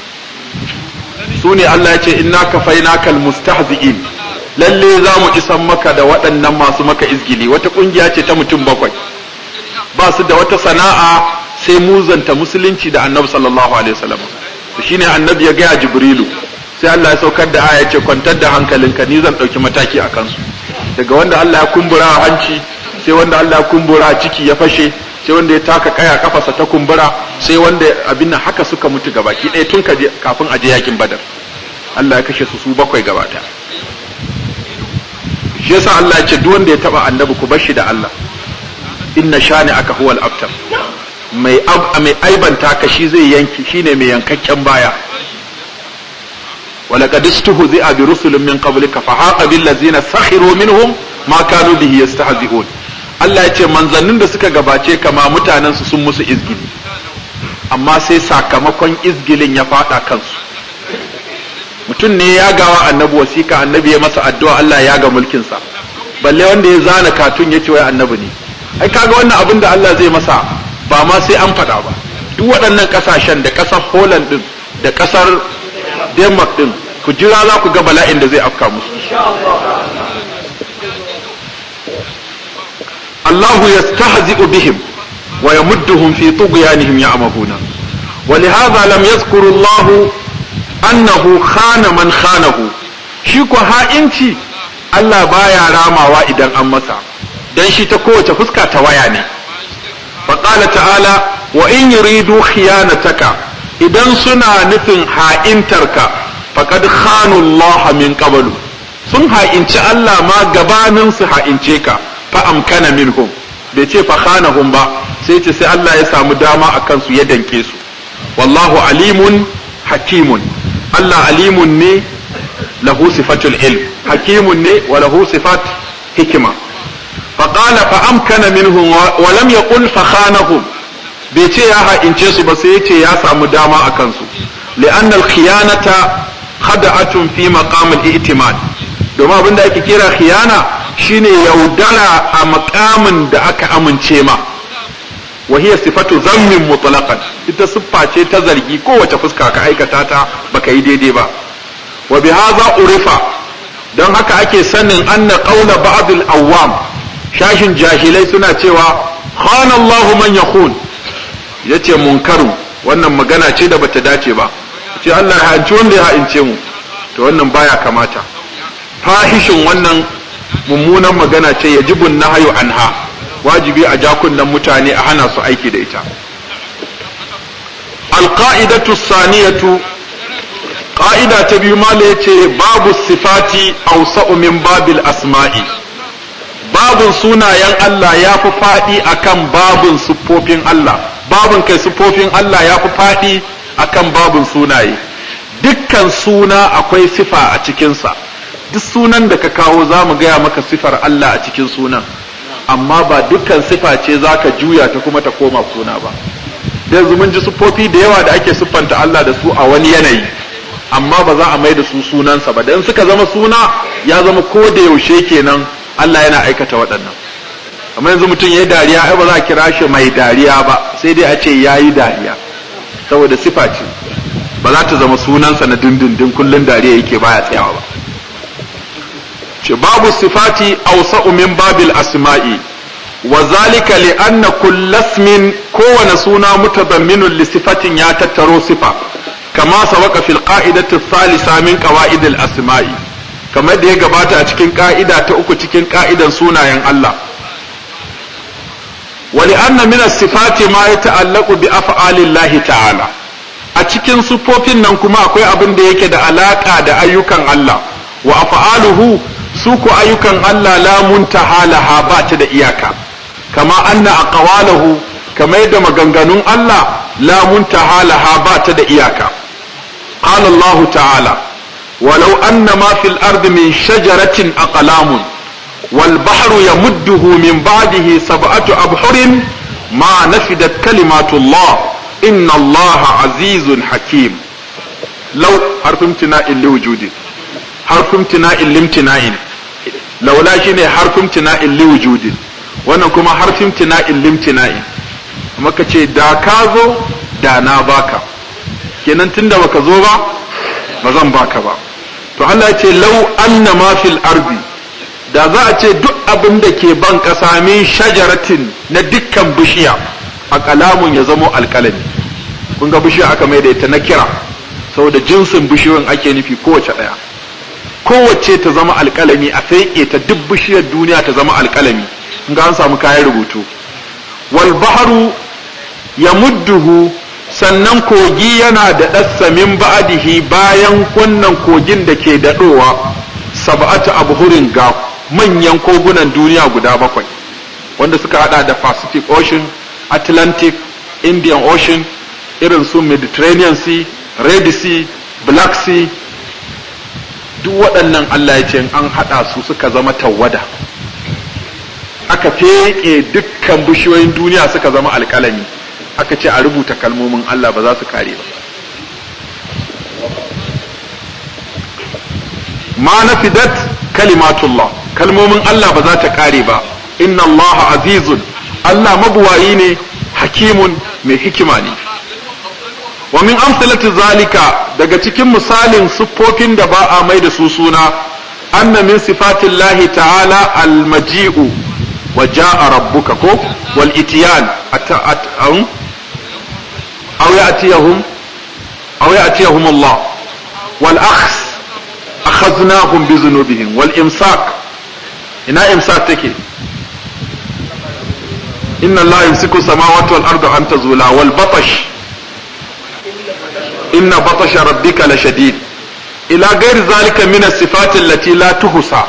su ne Allah ya ce inna kal mustahzi'in lalle za mu isan maka da waɗannan masu maka izgili wata kungiya ce ta mutum bakwai ba su da wata sana'a sai muzanta musulunci da annabi sallallahu alaihi wasallam to shine annabi ya gaya jibrilu sai Allah ya saukar da aya ce kwantar da hankalinka ni zan dauki mataki a kansu daga wanda Allah ya kumbura hanci sai wanda Allah ya kumbura ciki ya fashe sai wanda ya taka kaya kafarsa ta kumbura sai wanda abin nan haka suka mutu gaba ki ɗaya tun kafin aje yakin badar Allah ya kashe su su bakwai gabata shi yasa Allah ya ce duk wanda ya taba annabi ku bar shi da Allah inna shani aka huwal abtar mai mai aibanta ka shi zai yanki shine mai yankakken baya ولقد استهزئ برسل من قبلك فحاق abin سخروا منهم ما كانوا به يستهزئون Allah ya ce manzannin da suka gabace kama mutanen sun musu izgili amma sai sakamakon izgilin ya faɗa kansu mutum ne ya gawa annabi wasika annabi ya masa addu'a Allah ya ga mulkin sa. balle wanda ya zana katun ya ce wai annabi ne ai kaga wannan abin da Allah zai masa ba ma sai an faɗa ba duk waɗannan ƙasashen da ƙasar Holland din da ƙasar Denmark din ku jira za ku ga bala'in da zai afka musu Allahu yastahzi'u bihim wa yamudduhum fi tughyanihim ya'mahuna hadha lam يذكر الله annahu khana man khanahu shi ko ha'inci Allah baya ramawa idan an masa dan shi ta kowace fuska ta waya ne baƙala ta'ala wa in yuridu khiyanataka idan suna nufin ha'intarka faqad khanu Allah min qablu sun ha'inci Allah ma gabanin su ha'ince ka fa amkana minhum bai ce fa khanahum ba sai ce sai Allah ya samu dama akan su ya danke su wallahu alimun hakimun Allah alimun ne lahu sifatul ilm hakimun ne wa lahu sifat hikima فقال فأمكن منهم ولم يقل فخانهم بيتي يا هائنتي سو بس يتي يا سامو داما أكنسو لأن الخيانة خدعة في مقام الاعتماد domin abin da ake kira khiyana shine yaudara a makamin da aka amince ma wa hiya sifatu zammin mutlaqan ita siffa ce ta zargi kowace fuska ka aikata ta baka yi daidai ba wa bi hadha urifa don haka ake sanin anna ƙauna ba'd al-awwam shashin jahilai suna cewa khana Allahu man yakhun yace munkaru wannan magana ce da bata dace ba ce Allah ya hanci wanda ya ha'ince mu to wannan baya kamata fahishin wannan mummunan magana ce ya yajibun nahyu anha wajibi a jakunnan mutane a hana su aiki da ita alqa'idatu saniyatu qa'ida ta biyu mala yace babu sifati Ausa'umin, min babil asma'i babun sunayen Allah ya fi faɗi kan babun siffofin Allah babun kai siffofin Allah ya fi faɗi kan babun sunaye dukkan suna akwai sifa a cikinsa duk sunan da ka kawo za mu gaya maka sifar Allah a cikin sunan amma ba dukkan sifa ce za ka juya ta kuma ta koma suna ba yanzu mun ji siffofi da yawa da ake siffanta Allah da su a wani yanayi amma ba za a mai da su sunansa ba dan suka zama suna ya zama ko da yaushe kenan Allah yana aikata waɗannan kamar yanzu mutum ya yi dariya ai ba za a kira shi mai dariya ba sai dai a ce yayi dariya saboda sifa ce ba za ta zama sunansa na dindindin kullum dariya yake baya tsayawa ba ce babu sifati ausa umin babil asma'i wa zalika li anna kullasmin kowane suna mutadamminun li sifatin ya tattaro sifa kama sabaka fil qa'idati thalisa min qawaid asma'i kamar da ya gabata a cikin ka'ida ta uku cikin ka'idan sunayen Allah wani anna min sifati ma ya ta'allaku bi af'alillahi ta'ala a cikin sufofin nan kuma akwai abin da yake da alaƙa da ayyukan Allah wa af'aluhu su ko ayyukan Allah la halaha ba ta da iyaka kama anna ƙawalahu kama yadda maganganun Allah la halaha ba ta da iyaka qala Allah ta'ala walau anna ma fil ardi min shajaratin aqlamun wal bahru yamudduhu min ba'dihi sab'atu abhurin ma nafidat kalimatullah inna allaha azizun hakim law harfin tina'in li wujudi harfin tina'in limtina'in laula shine harfin tina'in wannan kuma harfin tina'in limtina'in maka ce da ka zo da na baka kenan tunda baka zo ba ba zan baka ba to Allah ce lau anna ma fil ardi da za a ce duk abin da ke ban ƙasa min shajaratin na dukkan bishiya a kalamun ya zamo alƙalami kun ga bishiya aka mai da ita na kira saboda jinsin bishiyoyin ake nufi kowace ɗaya kowace ta zama alƙalami a sai ta duk bishiyar duniya ta zama alƙalami in ga an samu kayan rubutu wal baharu ya mudduhu sannan kogi yana da ɗassamin ba'adihi bayan wannan kogin da ke daɗowa sab'atu abhurin ga manyan kogunan duniya guda bakwai wanda suka hada da Pacific Ocean, Atlantic, Indian Ocean, irin su Mediterranean Sea, Red Sea, Black Sea duk waɗannan Allah ya ce an haɗa su suka zama tawada aka feƙe dukkan bishiyoyin duniya suka zama alƙalami aka ce a rubuta kalmomin Allah ba za su kare ba ma nafidat kalimatullah kalmomin Allah ba za ta kare ba inna Allah azizun Allah mabuwayi ne hakimun mai hikima ne wa min amsalati zalika daga cikin misalin siffofin da ba a mai da su suna anna min sifatillahi ta'ala almaji'u wa ja'a rabbuka ko wal itiyan أو يأتيهم أو يأتيهم الله والأخذ أخذناهم بذنوبهم والإمساك إنا إمساك تكي إن الله يمسك السماوات والأرض أن تزولا والبطش إن بطش ربك لشديد إلى غير ذلك من الصفات التي لا تحصى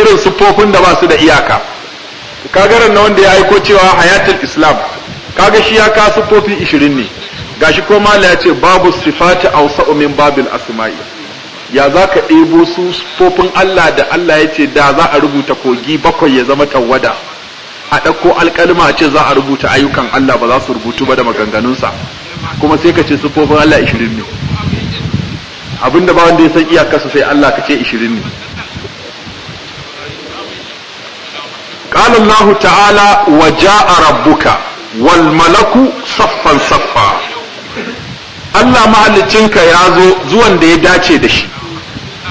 irin siffofin da ba su da iyaka kagaran na wanda ya aiko cewa hayatul islam kaga shi ya ka siffofi 20 ne gashi ko mala ya ce babu sifati awsa'u min babil asma'i ya zaka ɗebo su sufofin Allah da Allah ya ce da za a rubuta kogi bakwai ya zama tawada a ɗauko alƙalma a ce za a rubuta ayyukan Allah ba za su rubutu ba da maganganunsa kuma sai ka ce sufofin Allah ishirin ne abinda ba wanda ya san iyakarsa sai Allah ka ce ishirin ne قال الله تعالى وجاء ربك والملك صفا صفا Allah mahallicinka ya zo zuwan da ya dace da shi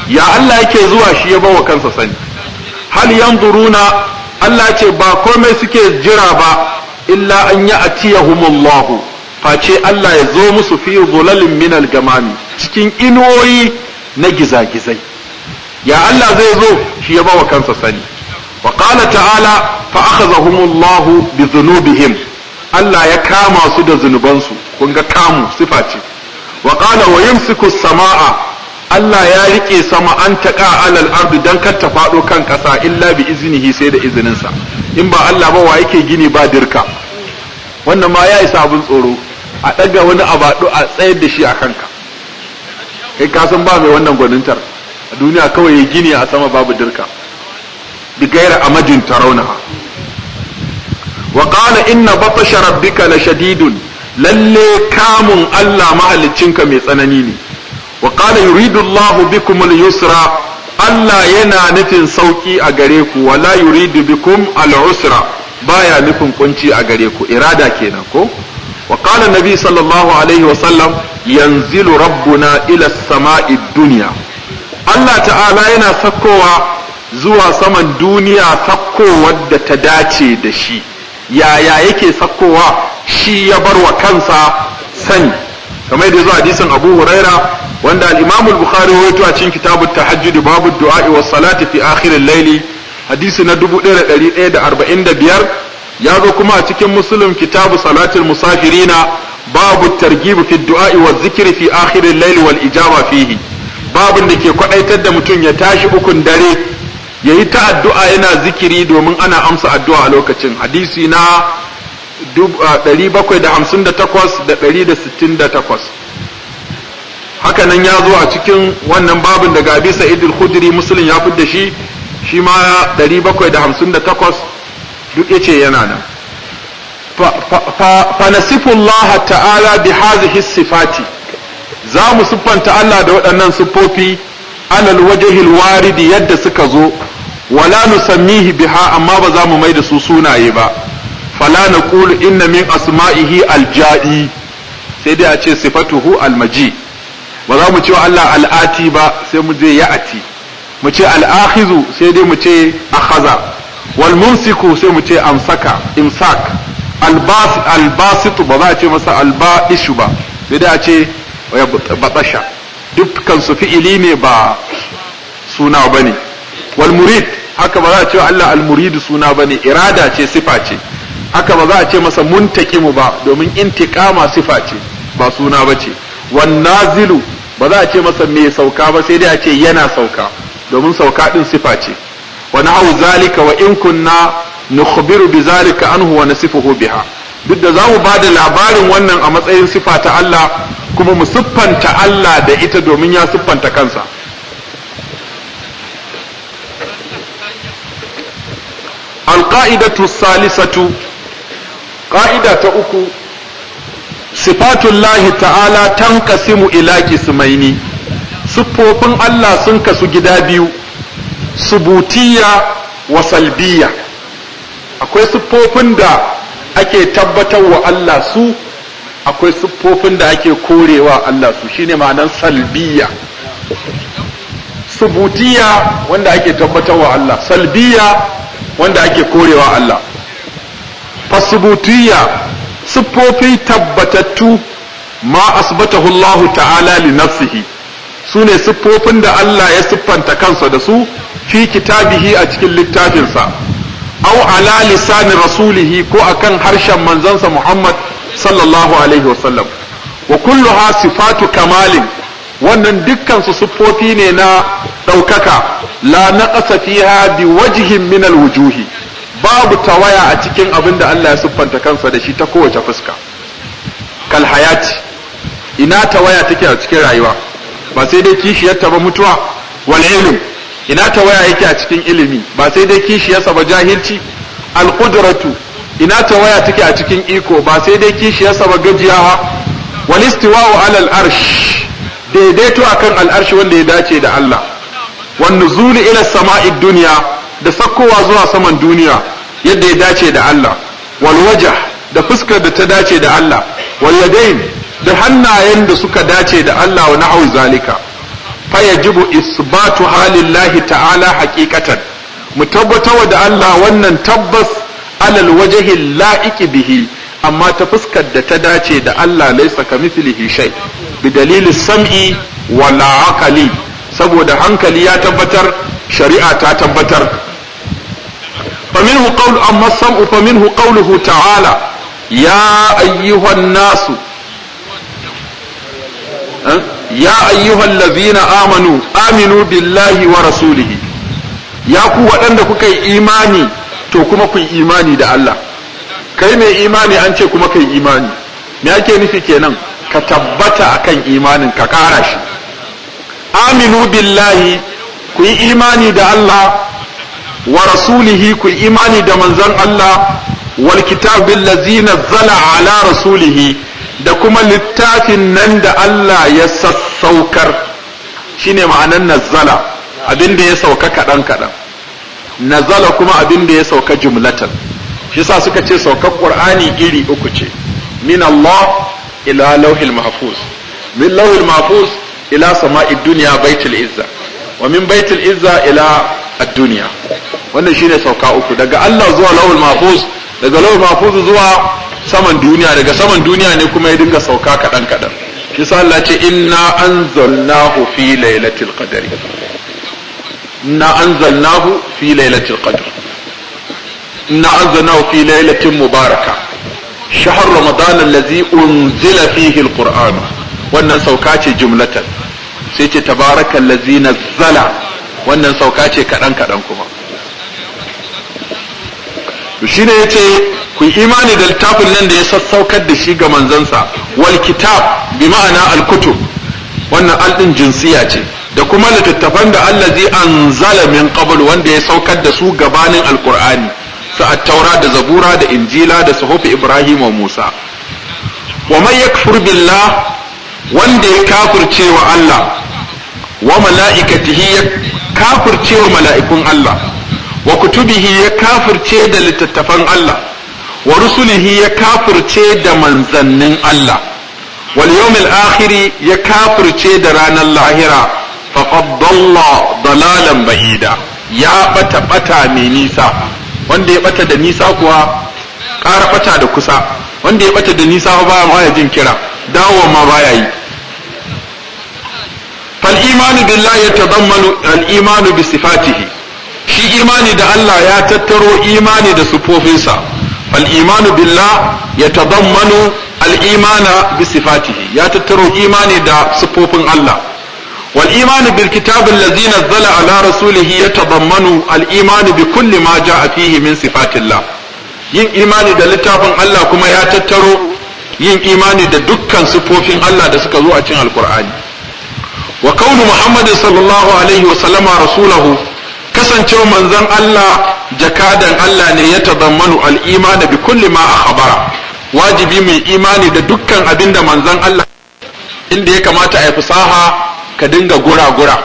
ya Allah yake zuwa shi ya bawa kansa sani hal duruna Allah ce ba komai suke jira ba illa an yi ya humullahu face Allah ya zo musu fi zulalin minal gamami cikin inuwoyi na gizagizai ya Allah zai zo shi ya bawa kansa sani wa ƙala ta'ala fa akhazahumullahu bi zunubihim Allah ya kama su da zunubansu kun ga kamu sifa ce wa qala wa yumsiku samaa Allah ya rike sama an taqa alal ardi dan kar ta fado kan kasa illa bi iznihi sai da izininsa in ba Allah ba wa yake gini ba dirka wannan ma ya isa abin tsoro a daga wani abado a tsayar da shi a kanka kai ka san ba mai wannan gwanintar a duniya kawai ya gini a sama babu dirka Bi gaira amadin tarauna wa qala inna batasha rabbika la shadidun lalle kamun Allah mahaliccinka mai tsanani ne wa qala yuridu Allahu bikum al-yusra Allah yana nufin sauki a gare ku wala yuridu bikum al-usra baya nufin kunci a gare ku irada kenan ko wa qala nabi sallallahu alaihi wa sallam yanzilu rabbuna ila samai duniya Allah ta'ala yana sakkowa zuwa saman duniya sakkowar da ta dace da shi yaya yake sakkowa shi ya bar wa kansa sani kamar da zuwa hadisin Abu Huraira wanda al-Imam al-Bukhari rawaito a cikin kitabut tahajjud babu du'a wa salati fi akhir al-layl hadisi na 1145 ya zo kuma a cikin Muslim kitabu salatul musafirina babu targhib fi du'a wa dhikri fi akhir al wal ijaba fihi da ke kwadaitar da mutum ya tashi ukun dare ya yi ta addu'a yana zikiri domin ana amsa addu'a a lokacin hadisi na 758 da 168 haka nan ya zo a cikin wannan babin daga bisa idil hudiri musulun ya fi da shi shi ma 758 duk yace yana nan fa nasifu Allah ta'ala bi hazihi sifati za mu siffanta Allah da waɗannan siffofi alal wajhil waridi yadda suka zo wala nusammihi biha amma ba za mu mai da su sunaye ba fala naqulu inna min asma'ihi alja'i sai dai a ce sifatuhu almaji ba za mu ce wa Allah al'ati ba sai mu je ya'ati mu ce al'akhizu sai dai mu ce akhaza wal mumsiku sai mu ce amsaka imsak albasitu ba za a ce masa alba'ishu ba sai dai a ce batasha dukkan su fi'ili ne ba suna bane wal murid haka ba za a ce Allah al murid suna bane irada ce sifa ce haka ba za a ce masa muntakimu ba domin intiqama sifa ce ba suna bace wan nazilu ba za a ce masa mai sauka ba sai dai a ce yana sauka domin sauka din sifa ce wa na'u zalika wa in kunna nukhbiru bi zalika anhu wa nasifuhu biha duk da za mu ba da labarin wannan a matsayin sifa ta Allah kuma mu siffanta Allah da ita domin ya siffanta kansa alƙa'idatu salisatu ƙa'ida ta uku sifatullahi ta'ala tankasimu su maini. siffofin Allah sun kasu gida biyu subutiya wa salbiya akwai siffofin da ake tabbatar wa Allah su akwai siffofin da ake korewa Allah su shine ma'anan salbiya subutiya wanda ake tabbatarwa Allah salbiya wanda ake korewa Allah fasubutiya siffofi tabbatattu ma asbatahu Allah ta'ala li nafsihi sune siffofin da Allah ya siffanta kansa da su fi kitabihi a cikin littafinsa au ala lisanin rasulihi ko akan harshen manzansa Muhammad sallallahu alaihi sallam wa kulluha sifatu kamalin wannan dukkansu siffofi ne na ɗaukaka la naqasa fiha bi wajhin min wujuhi babu tawaya a cikin abinda Allah ya siffanta kansa da shi ta kowace fuska kal hayati ina tawaya take a cikin rayuwa ba sai dai ya ba mutuwa wal ilm ina tawaya yake a cikin ilimi ba sai dai kishiyarsa ba jahilci al qudratu ina waya take a cikin iko ba sai dai kishiyarsa ba gajiyawa wal istiwa'u alal arsh daidaito akan al wanda ya dace da Allah wan zuli ila sama'i duniya da sakkowa zuwa saman duniya yadda ya dace da Allah wal wajh da fuskar da ta dace da Allah wal da hannayen da suka dace da Allah wa na'u zalika fa isbatu halillahi ta'ala haqiqatan mu tabbatar da Allah wannan tabbas alal wajahin la'iki bihi amma ta fuskar da ta dace da Allah laisa kamithlihi shay bi dalilin sam'i wala aqli saboda hankali ya tabbatar shari'a ta tabbatar faminhu qawlu amma sam'u faminhu qawluhu ta'ala ya ayyuhan nasu يا أيها الذين آمنوا آمنوا بالله ورسوله يا قوة أنك إيماني to kuma ku imani da Allah kai mai imani an ce kuma kai imani me ake nufi kenan ka tabbata akan imanin ka kara shi aminu billahi ku yi imani da Allah wa rasulihi ku yi imani da manzon Allah wal kitabin lazina zala ala rasulihi da kuma littafin nan da Allah ya sassaukar shine ma'anan nazzala abinda ya sauka kaɗan kaɗan nazala kuma abin da ya sauka jumlatan shi sa suka ce saukar qur'ani iri uku ce min Allah ila lauhil mahfuz min lauhil mahfuz ila sama'i dunya baitul izza wa min baitul izza ila ad-dunya wannan shine sauka uku daga Allah zuwa lauhil mahfuz daga lauhil mahfuz zuwa saman duniya daga saman duniya ne kuma ya dinga sauka kadan kadan shi sa Allah ce inna anzalnahu fi lailatul qadri Na anzalnahu fi lailatul qadr inna anzalnahu fi lailatin mubaraka shahar ramadan allazi unzila fihi alquran wannan sauka ce jumlatan sai ce tabarakal ladzi nazzala wannan sauka ce kadan kadan kuma shi ne ya ce ku imani da littafin nan da ya sassaukar da shi ga manzansa wal kitab bi ma'ana al kutub wannan aldin jinsiya ce da kuma littattafan da an zala min qabl wanda ya saukar da su gabanin alqur'ani su at-taura da zabura da injila da suhufi ibrahim wa musa wa man yakfur billah wanda ya kafirce wa allah wa mala'ikatihi ya kafirce wa mala'ikun allah wa kutubihi ya kafirce da littattafan allah wa rusulihi ya kafirce da manzannin allah wal yawmil akhiri ya kafirce da ranar lahira faqad dalla dalalan ba'ida ya bata bata mai nisa wanda ya bata da nisa kuwa ƙara bata da kusa wanda ya bata da nisa ba ma ya jin kira dawo ma ba ya yi fal imanu billahi yatadammanu al imanu bi sifatihi shi imani da Allah ya tattaro imani da sufofinsa fal imanu billah yatadammanu al imana bi sifatihi ya tattaro imani da sufofin Allah والإيمان بالكتاب الذي نزل على رسوله يتضمن الإيمان بكل ما جاء فيه من صفات الله yin imani da littafin Allah kuma ya tattaro yin imani da dukkan sufofin Allah da suka zo a cikin alkur'ani wa kaunu muhammadin sallallahu alaihi wa sallama rasulahu kasancewa manzon Allah jakadan Allah ne ya tazammanu al-imani bi kulli ma akhbara wajibi mai imani da dukkan abinda manzon Allah inda ya kamata a yi fasaha ka dinga gura-gura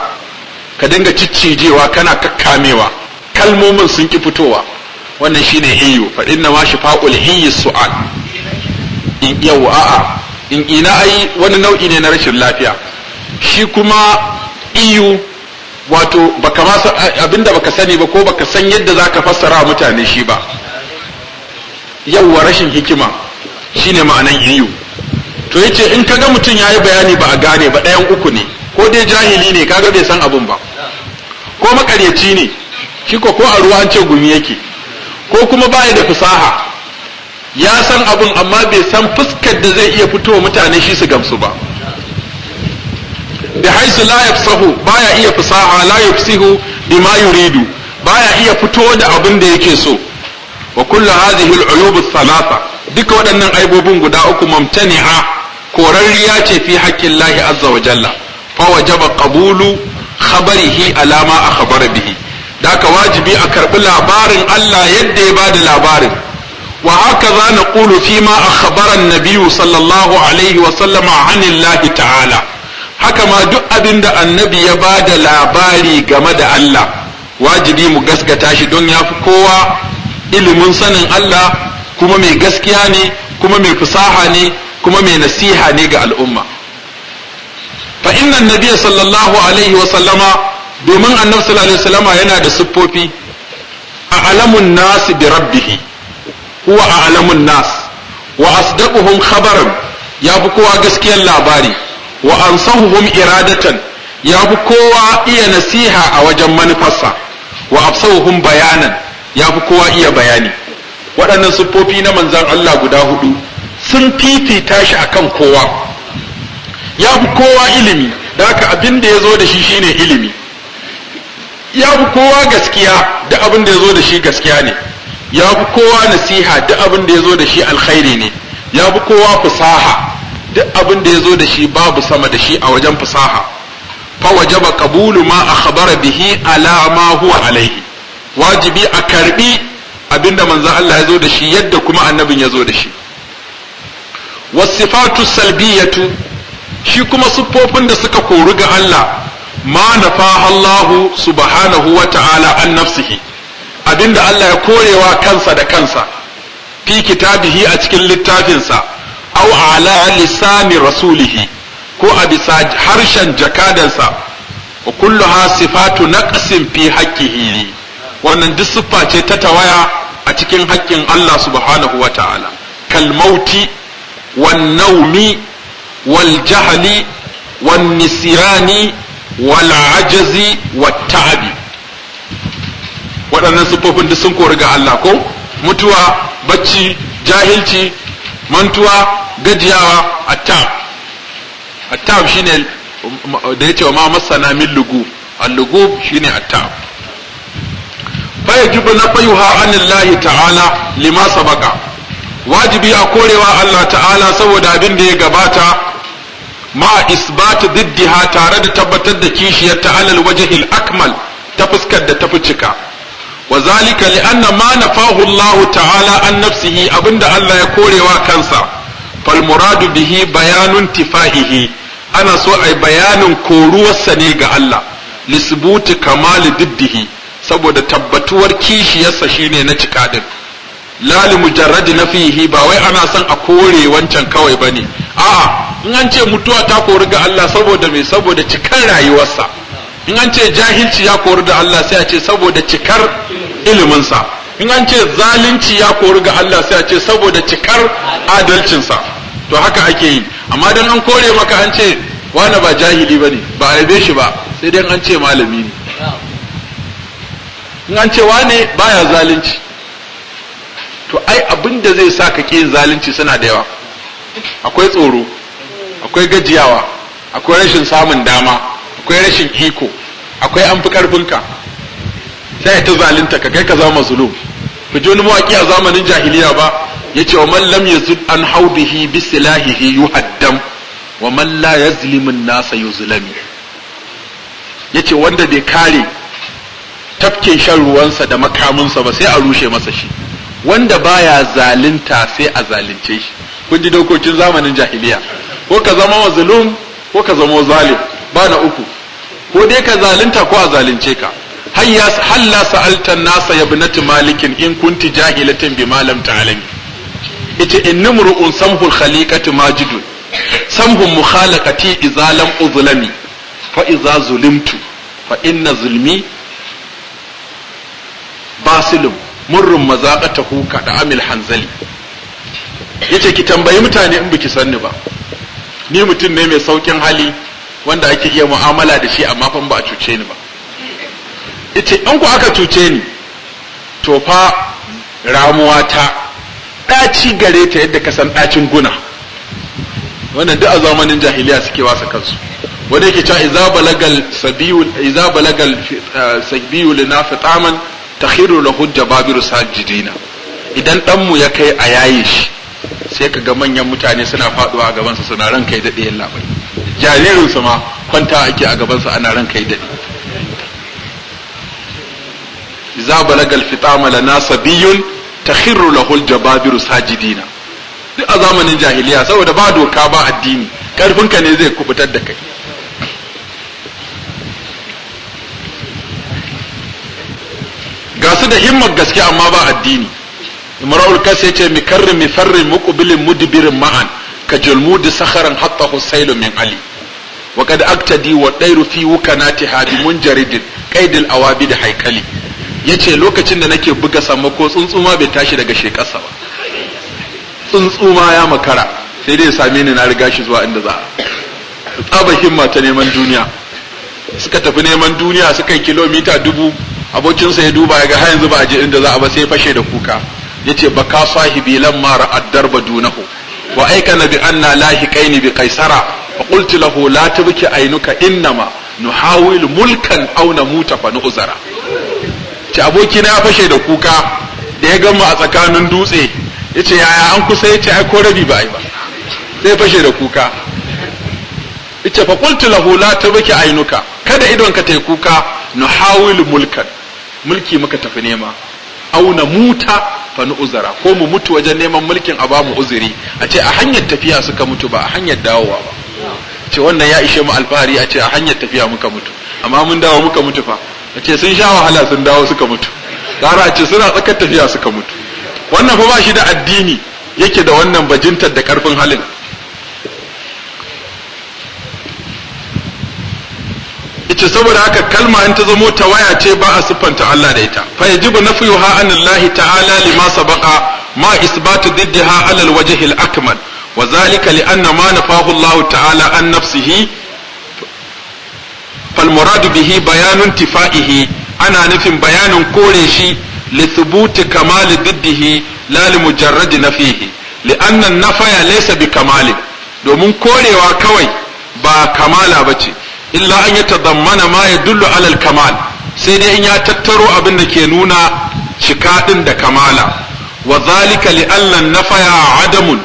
ka dinga ciccijewa kana kakkamewa kalmomin sun ki fitowa wannan shine hiyu fa na mashi shifa'ul hiyi su'al in yau a'a in ina ai wani nau'i ne na rashin lafiya shi kuma iyu wato baka ma abinda baka sani ba ko baka san yadda ka fassara mutane shi ba wa rashin hikima shine ma'anan iyu to yace in kaga mutum yayi bayani ba a gane ba ɗayan uku ne ko dai jahili ne kaga bai san abun ba ko makaryaci ne shi ko a ruwa an ce gumi yake ko kuma baya da fasaha ya san abun amma bai san fuskar da zai iya fitowa mutane shi su gamsu ba da haisu la yafsahu baya iya fasaha la yafsihu bima yuridu baya iya fito da abun da yake so wa kullu hadhihi al-uyub ath-thalatha duka waɗannan aibobin guda uku mamtani'a korarriya ce fi hakkin lahi azza wa jalla fa wajaba qabulu khabarihi alama a khabara bihi da haka wajibi a karbi labarin Allah yadda ya bada labarin wa haka za na ƙulu ma a khabaran nabiyu sallallahu alaihi wa sallama hanillahi ta'ala haka ma duk abin da annabi ya ba da labari game da Allah wajibi mu gaskata shi don ya fi kowa ilimin sanin Allah kuma mai gaskiya ne kuma mai fasaha ne kuma mai nasiha ne ga al'umma fa inna nabiyya sallallahu alaihi wa sallama domin annabi sallallahu alaihi yana da siffofi a alamun nas bi rabbih huwa a alamun nas wa asdaquhum khabaran ya fi kowa gaskiyar labari wa iradatan ya fi kowa iya nasiha a wajen manufarsa wa absahuhum bayanan ya fi kowa iya bayani waɗannan siffofi na manzan Allah guda huɗu sun fifita shi akan kowa ya fi kowa ilimi da haka abin da ya zo da shi shine ilimi ya fi kowa gaskiya da abin da ya zo da shi gaskiya ne ya fi kowa nasiha da abin da ya zo da shi alkhairi ne ya fi kowa fasaha da abin da ya zo da shi babu sama da shi a wajen fasaha fa wajaba qabulu ma akhbara bihi ala ma huwa alayhi wajibi a karbi abinda manzo Allah ya zo da shi yadda kuma annabin ya zo da shi wasifatu salbiyatu shi kuma siffofin da suka koru ga Allah ma nafa Allahu subhanahu wa ta'ala an nafsihi abinda Allah ya korewa kansa da kansa fi kitabihi a cikin littafinsa aw ala lisani rasulihi ko a bisa harshen jakadansa wa kulluha sifatu naqsin fi haqqihi wannan duk siffa ce ta tawaya a cikin haƙƙin Allah subhanahu wa ta'ala kal mauti wan naumi والجهل والنسيان والعجز والتعب waɗannan siffofin duk sun kori ga Allah ko mutuwa bacci jahilci mantuwa gajiyawa attab attab shine da yace ma masana min lugu a lugu shine attab fa yajibu nafayuha anillahi ta'ala lima sabaka wajibi a korewa Allah ta'ala saboda abin da ya gabata ma isbatu diddiha tare da tabbatar da kishiyar ta alal wajhil akmal ta fuskar da ta cika wa zalika li anna ma nafahu Allah ta'ala an nafsihi abinda Allah ya korewa kansa falmuradu muradu bihi bayanun tifaihi ana so ai bayanin koruwarsa ne ga Allah lisbuti kamali diddihi saboda tabbatuwar kishiyarsa shine na cika din lali mujarradi nafihi ba wai ana son a kore wancan kawai bane a'a in an ce mutuwa ta kori ga Allah saboda me saboda cikar rayuwarsa in an ce jahilci ya kori ga Allah sai a ce saboda cikar iliminsa in an ce zalunci ya kori ga Allah sai a ce saboda cikar adalcinsa to haka ake yi amma dan an kore maka an ce wani ba jahili bane ba aibe shi ba sai dai an ce malami ne in an ce wane baya zalunci to ai abin da zai sa ka yin zalunci suna da yawa akwai tsoro akwai gajiyawa akwai rashin samun dama akwai rashin iko akwai an fi karfinka sai ta zalunta ka kai ka zama zulum ku ji wani mawaƙi a zamanin jahiliya ba ya ce wa mallam ya zud an haudihi bi silahihi haddam, wa malla ya yazlimun nasa zulami ya ce wanda bai kare tafkin shan ruwansa da makaminsa ba sai a rushe masa shi wanda baya zalinta sai a zalunce shi kun ji dokokin zamanin jahiliya ko ka zama mazlum ko ka zama zalim ba na uku ko dai ka zalunta ko a zalunce ka hayya halla sa'alta nasa ya malikin in kunti jahilatin bi malam ta'alami ita innimru'un samhul khaliqati majidun samhum mukhalaqati izalam uzlami fa iza zulimtu fa inna zulmi basilum murrun mazaqatahu ka da amil hanzali yace ki tambayi mutane in biki sanni ba ni mutum ne mai saukin hali wanda ake iya mu'amala da shi amma fa ba a cuce ni ba ita in ku aka cuce ni to fa ramuwa ta ɗaci gare ta yadda ka san ɗacin guna wannan duk a zamanin jahiliya suke wasa kansu wanda yake cewa idza balagal sabiyu idza balagal eh, sabiyu lina fitaman takhiru lahu jababiru sajidina idan dan mu ya kai a yaye shi sai ka ga manyan mutane suna faduwa a gabansa suna ran kai daɗe yin jaririnsu ma kwanta ake a gabansa ana ran kai daɗe za balagal fitama lana sabiyun takhirru lahul jababiru sajidina duk a zamanin jahiliya saboda ba doka ba addini karfinka ne zai kubutar da kai ga su da himmar gaske amma ba addini imra'ul ya yace mikarri mifarri muqbilin mudbirin ma'an ka jalmudi sakharan hatta husailu min ali wa kad aktadi wa dairu fi wukanati hadi munjaridin qaidil awabi da haikali yace lokacin da nake buga ko tsuntsuma bai tashi daga shekarsa ba tsuntsuma ya makara sai dai same ni na riga shi zuwa inda za a tsaba himma ta neman duniya suka tafi neman duniya suka kilomita dubu abokinsa ya duba ya ga har yanzu ba a je inda za a ba sai fashe da kuka yace ba baka sahibi lamma ra'ad darba dunahu wa aikana bi anna lahiqaini bi qaisara fa qultu lahu la tabki ainuka innama nuhawil mulkan aw namuta fa nu'zara ce aboki na fashe da kuka da ya gama a tsakanin dutse yace yaya an kusa yace ai ko rabi ba ai ba sai fashe da kuka yace fa qultu lahu la tabki ainuka kada idon ka tai kuka nuhawil mulkan mulki muka tafi nema auna muta fa uzara ko mu mutu wajen neman mulkin a bamu uzuri a ce a hanyar tafiya suka mutu ba a hanyar dawowa ba ce wannan ya ishe mu alfahari a ce a hanyar tafiya muka mutu amma mun dawo muka mutu fa a ce sun sha wahala sun dawo suka mutu gara a ce suna tsakar tafiya suka mutu wannan fa ba shi da addini yake da wannan bajintar da karfin halin ita saboda haka kalma in ta zamo tawaya ce ba a siffanta Allah da ita fa yajibu nafyuha an Allah ta'ala lima sabaqa ma isbatu diddiha ala alwajh alakmal wa zalika li anna ma nafahu Allah ta'ala an nafsihi fal murad bihi bayan intifaihi ana nufin bayanin kore shi li thubuti kamal diddihi la li mujarrad nafihi li anna an-nafya laysa bi kamal domin korewa kawai ba kamala bace illa an yatadammana ma yadullu alal kamal sai dai in ya tattaro abin da ke nuna cika ɗin da kamala wa zalika li allan nafaya adamun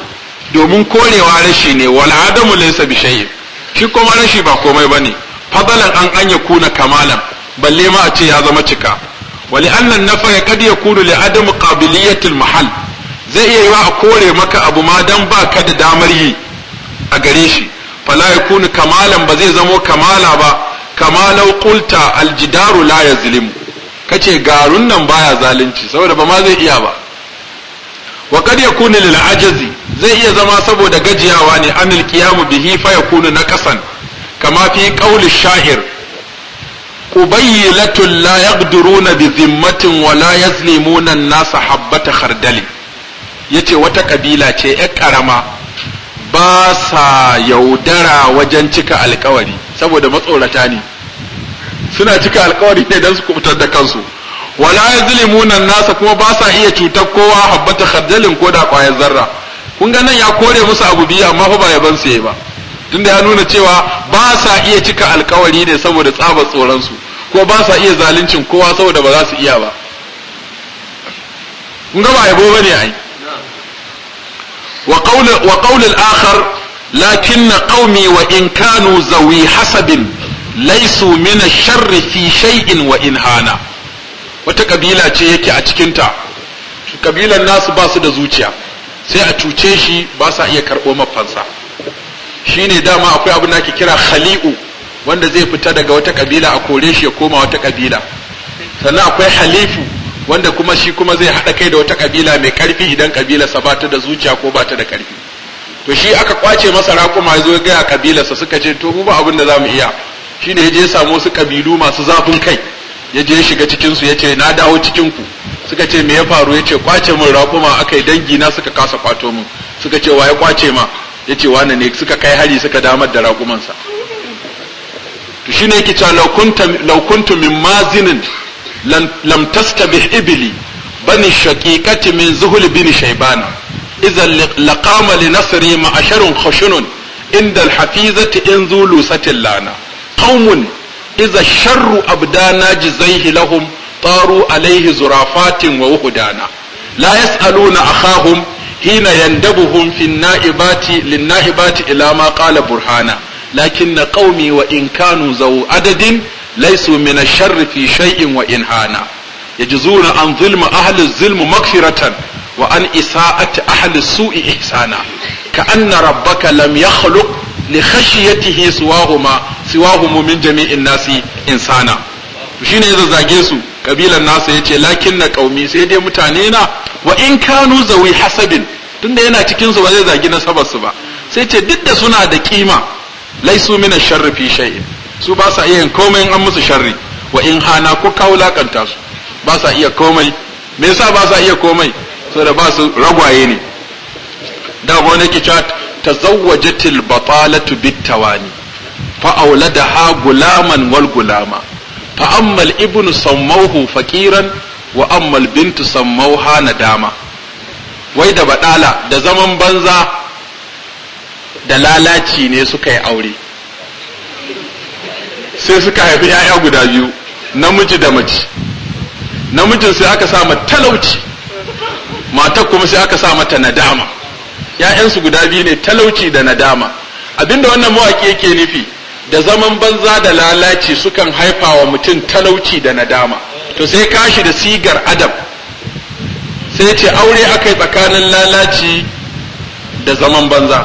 domin korewa rashi ne wal adamu laysa bi shi kuma rashi ba komai bane fadalan an an kuna kamalan balle ma a ce ya zama cika wali annan nafaya kad yakunu li adam qabiliyatil mahal zai iya yiwa a kore maka abu ma dan ba ka da damar yi a gare shi fala yakunu kamalan ba zai zamo kamala ba kamalau qulta aljidaru la yazlimu kace garun nan baya zalunci saboda ba ma zai iya ba wa kad yakunu lil zai iya zama saboda gajiyawa ne an anil mu bihi kunu na naqasan kama fi qawli sha'ir qubaylatun la yaqdiruna bi zimmatin wa la yazlimuna an-nasa habbata khardali yace wata kabila ce ƴar ƙarama. ba sa yaudara wajen cika alkawari saboda matsorata ne suna cika alkawari ne don su kubutar da kansu wala yazlimuna nasa kuma ba sa iya cutar kowa habbata kardalin ko da kwayar zarra kun ga nan ya kore musu abu biyu amma fa ba ban su ba tunda ya nuna cewa ba sa iya cika alkawari ne saboda tsabar tsoron su ko ba sa iya zaluncin kowa saboda ba za su iya ba kun ga ba yabo bane ai وقول وقول الآخر لكن قومي وإن كانوا ذوي حسب ليسوا من الشر في شيء وإن هانا وتقبيلة yake a cikinta kabilan nasu basu da zuciya sai a cuce shi ba sa iya karɓo mafansa shine dama akwai abin da ake kira khali'u wanda zai fita daga wata ƙabila a kore shi ya koma wata ƙabila. sannan akwai halifu wanda kuma shi kuma zai haɗa kai da wata kabila mai ƙarfi idan kabilarsa ba ta da zuciya ko ba ta da ƙarfi to shi aka kwace masa raƙuma ya zo gaya kabilarsa suka ce to mu ba abin da za mu iya shi ne ya je samu wasu kabilu masu zafin kai ya je shiga cikinsu ya ce na dawo cikinku suka ce me ya faru ya ce kwace min raƙuma aka yi dangi na suka kasa kwato min suka ce wa ya kwace ma ya ce wane ne suka kai hari suka damar da raƙumansa to ne yake cewa laukuntu min mazinin lam tastabih ibli bani shaqiqati min zuhul bin shaybana idza laqama li nasri ma'asharun khashunun inda al-hafizati in zulu satin lana qaumun idza sharru abdana jizaihi lahum taru alaihi zurafatin wa wuhdana la yas'aluna akhahum حين يندبهم في النائبات للنائبات إلى ما قال برهانا لكن قومي وإن كانوا ذو عدد laisu min ash-sharri fi shay'in wa in hana yajzuna an zulmi ahli zulm maghfiratan wa an isa'ati ahli su'i ihsana ka anna rabbaka lam yakhluq li khashyatihi siwahuma siwahum min jami'in nasi insana to shine ya zage su kabilan nasa yace lakin na qaumi sai dai mutane na wa in kanu zawi hasabin tunda yana cikin su ba zai zagi nasabar su ba sai ce duk da suna da kima laisu min ash-sharri fi shay'in su ba sa iya yin komai an musu sharri wa in hana ko kawo lakanta su ba sa iya komai me yasa ba sa iya komai saboda ba su ragwaye ne da ne ke cewa tazawwajatil batalatu bitawani fa ha gulaman wal gulama fa ammal ibnu sammauhu fakiran wa ammal bintu sammauha nadama wai da badala da zaman banza da lalaci ne suka yi aure sai suka haifi 'ya'ya guda biyu namiji da mace namijin sai aka sa talauci matar kuma sai aka sa mata nadama ‘ya'yansu guda biyu ne talauci da nadama abinda wannan mawaki yake nufi da zaman banza da lalaci sukan haifa wa mutum talauci da nadama to sai kashi da sigar adam sai ce aure aka yi tsakanin lalaci da zaman banza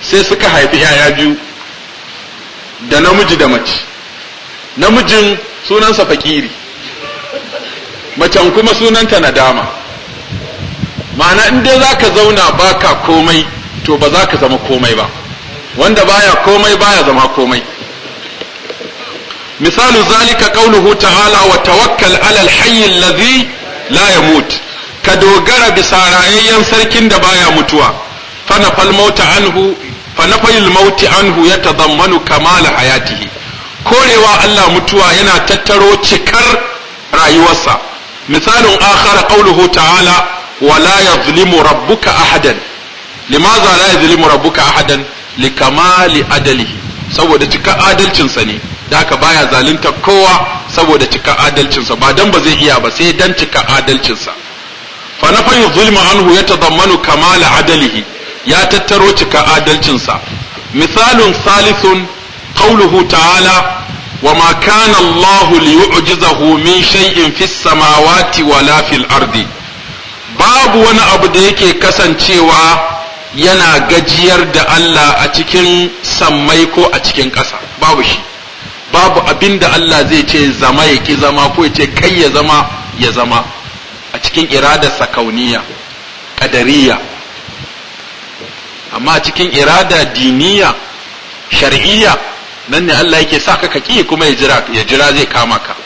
sai suka haifi ‘ya'ya biyu da namiji da mace namijin sunansa fakiri macen kuma sunanta nadama ma'ana in dai za ka zauna baka komai to ba za ka zama komai ba wanda baya komai baya zama komai misalin zalika qauluhu ta'ala wa tawakkal ala hayyin alladhi la yamut ka dogara bisa rayayyen sarkin da baya mutuwa fana fal alhu. anhu fa mauti anhu kamala hayatihi korewa Allah mutuwa yana tattaro cikar rayuwarsa misalin akhara qauluhu ta'ala wala yazlimu rabbuka ahadan limaza la yazlimu rabbuka ahadan likamali adalihi saboda cika adalcinsa ne da aka baya zalunta kowa saboda cika adalcinsa ba dan ba zai iya ba sai dan cika adalcinsa fa na zulma anhu yatadammanu kamala adalihi ya tattaro cika adalcinsa misalin salisun kauluhu ta'ala wa ma kana Allahu liyu'jizahu min shay'in fis samawati la fil ardi babu wani abu da yake kasancewa yana gajiyar da Allah a cikin sammai ko a cikin ƙasa babu shi babu abin da Allah zai ce zama ya ki zama ko ya ce kai ya zama ya zama a cikin iradarsa kauniya ƙadariya amma cikin irada diniya shar'iyya nan ne Allah yake sa ka kaki kuma ya jira ya jira zai kama ka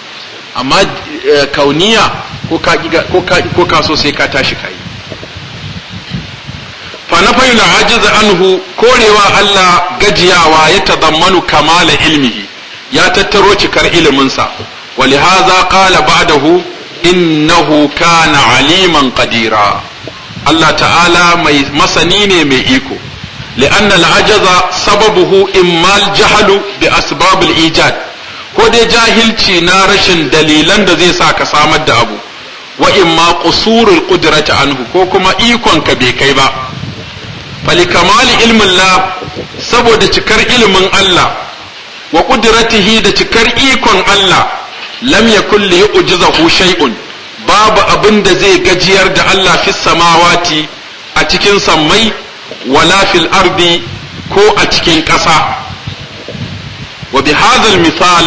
amma eh, kauniya ko ka ko ka ko ka so sai ka tashi kai fa nafayul anhu korewa Allah gajiyawa ya tadammanu kamala ilmihi ya tattaro cikar iliminsa ولهذا قال بعده إنه na aliman kadira. Allah ta'ala mai masani ne mai iko li'anna al'ajaza sababuhu jahalu bi asbabul ijad ko dai jahilci na rashin dalilan da zai sa ka samar da abu wa imma qusurul anhu ko kuma ikon ka bai kai ba falikamali ilmin la saboda cikar ilimin Allah wa da cikar ikon Allah lam babu abin da zai gajiyar da Allah fi samawati a cikin sammai wala fil ardi ko a cikin ƙasa wa bi hadhal misal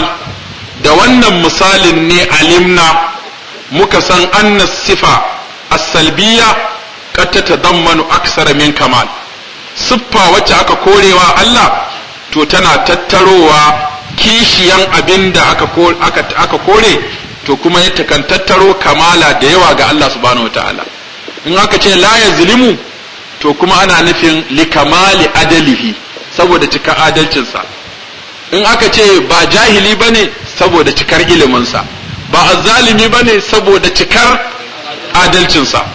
da wannan misalin ne alimna muka san anna sifa as-salbiyya qad tatadammanu aksara min kamal siffa wacce aka korewa Allah to tana tattarowa kishiyan abinda aka aka kore to kuma ya takan tattaro kamala da yawa ga Allah subhanahu wataala in aka ce la ya zulimu to kuma ana nufin kamali adalihi saboda cika adalcinsa in aka ce ba jahili bane saboda cikar iliminsa ba azzalimi bane saboda cikar adalcinsa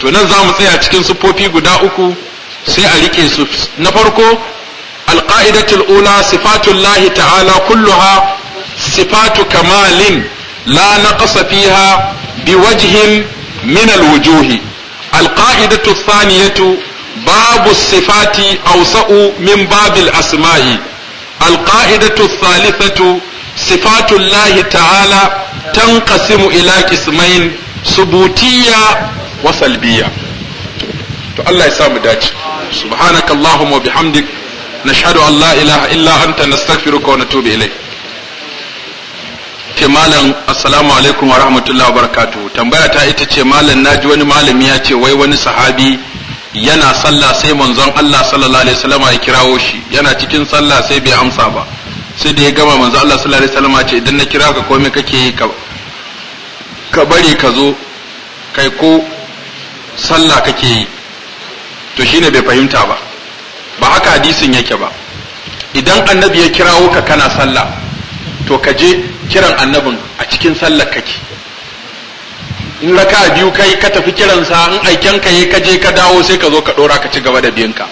to nan za mu tsaya cikin sufofi guda uku sai a rike su na farko alqa'idatul ula sifatullahi ta'ala kulluha sifatu kamalin la naqasa fiha wajihin minal wujuhi alqa'idatu athaniyatu babu sifati awsa'u min babil asma'i alqa'idatu athalithatu sifatu llahi ta'ala tanqasimu ila qismain subutiyya wa salbiyya to Allah ya sa mu dace subhanakallahumma wa bihamdik nashhadu an la ilaha illa anta nastaghfiruka wa natubu ilayk ce malam assalamu alaikum wa rahmatullahi wa barakatu tambaya ta ita ce malam naji wani malami ya ce wai wani sahabi yana sallah sai manzon Allah sallallahu alaihi wasallam ya kirawo shi yana cikin sallah sai bai amsa ba sai da ya gama manzon Allah sallallahu alaihi wasallam ce idan na kira ka komai kake yi ka ka bari ka zo kai ko sallah kake yi to shine bai fahimta ba ba haka hadisin yake ba idan annabi ya kirawo ka kana sallah to ka je kiran annabin a cikin sallar kake in raka biyu kai ka tafi kiransa in aiken ka ka je ka dawo sai ka zo ka dora ka ci gaba da biyanka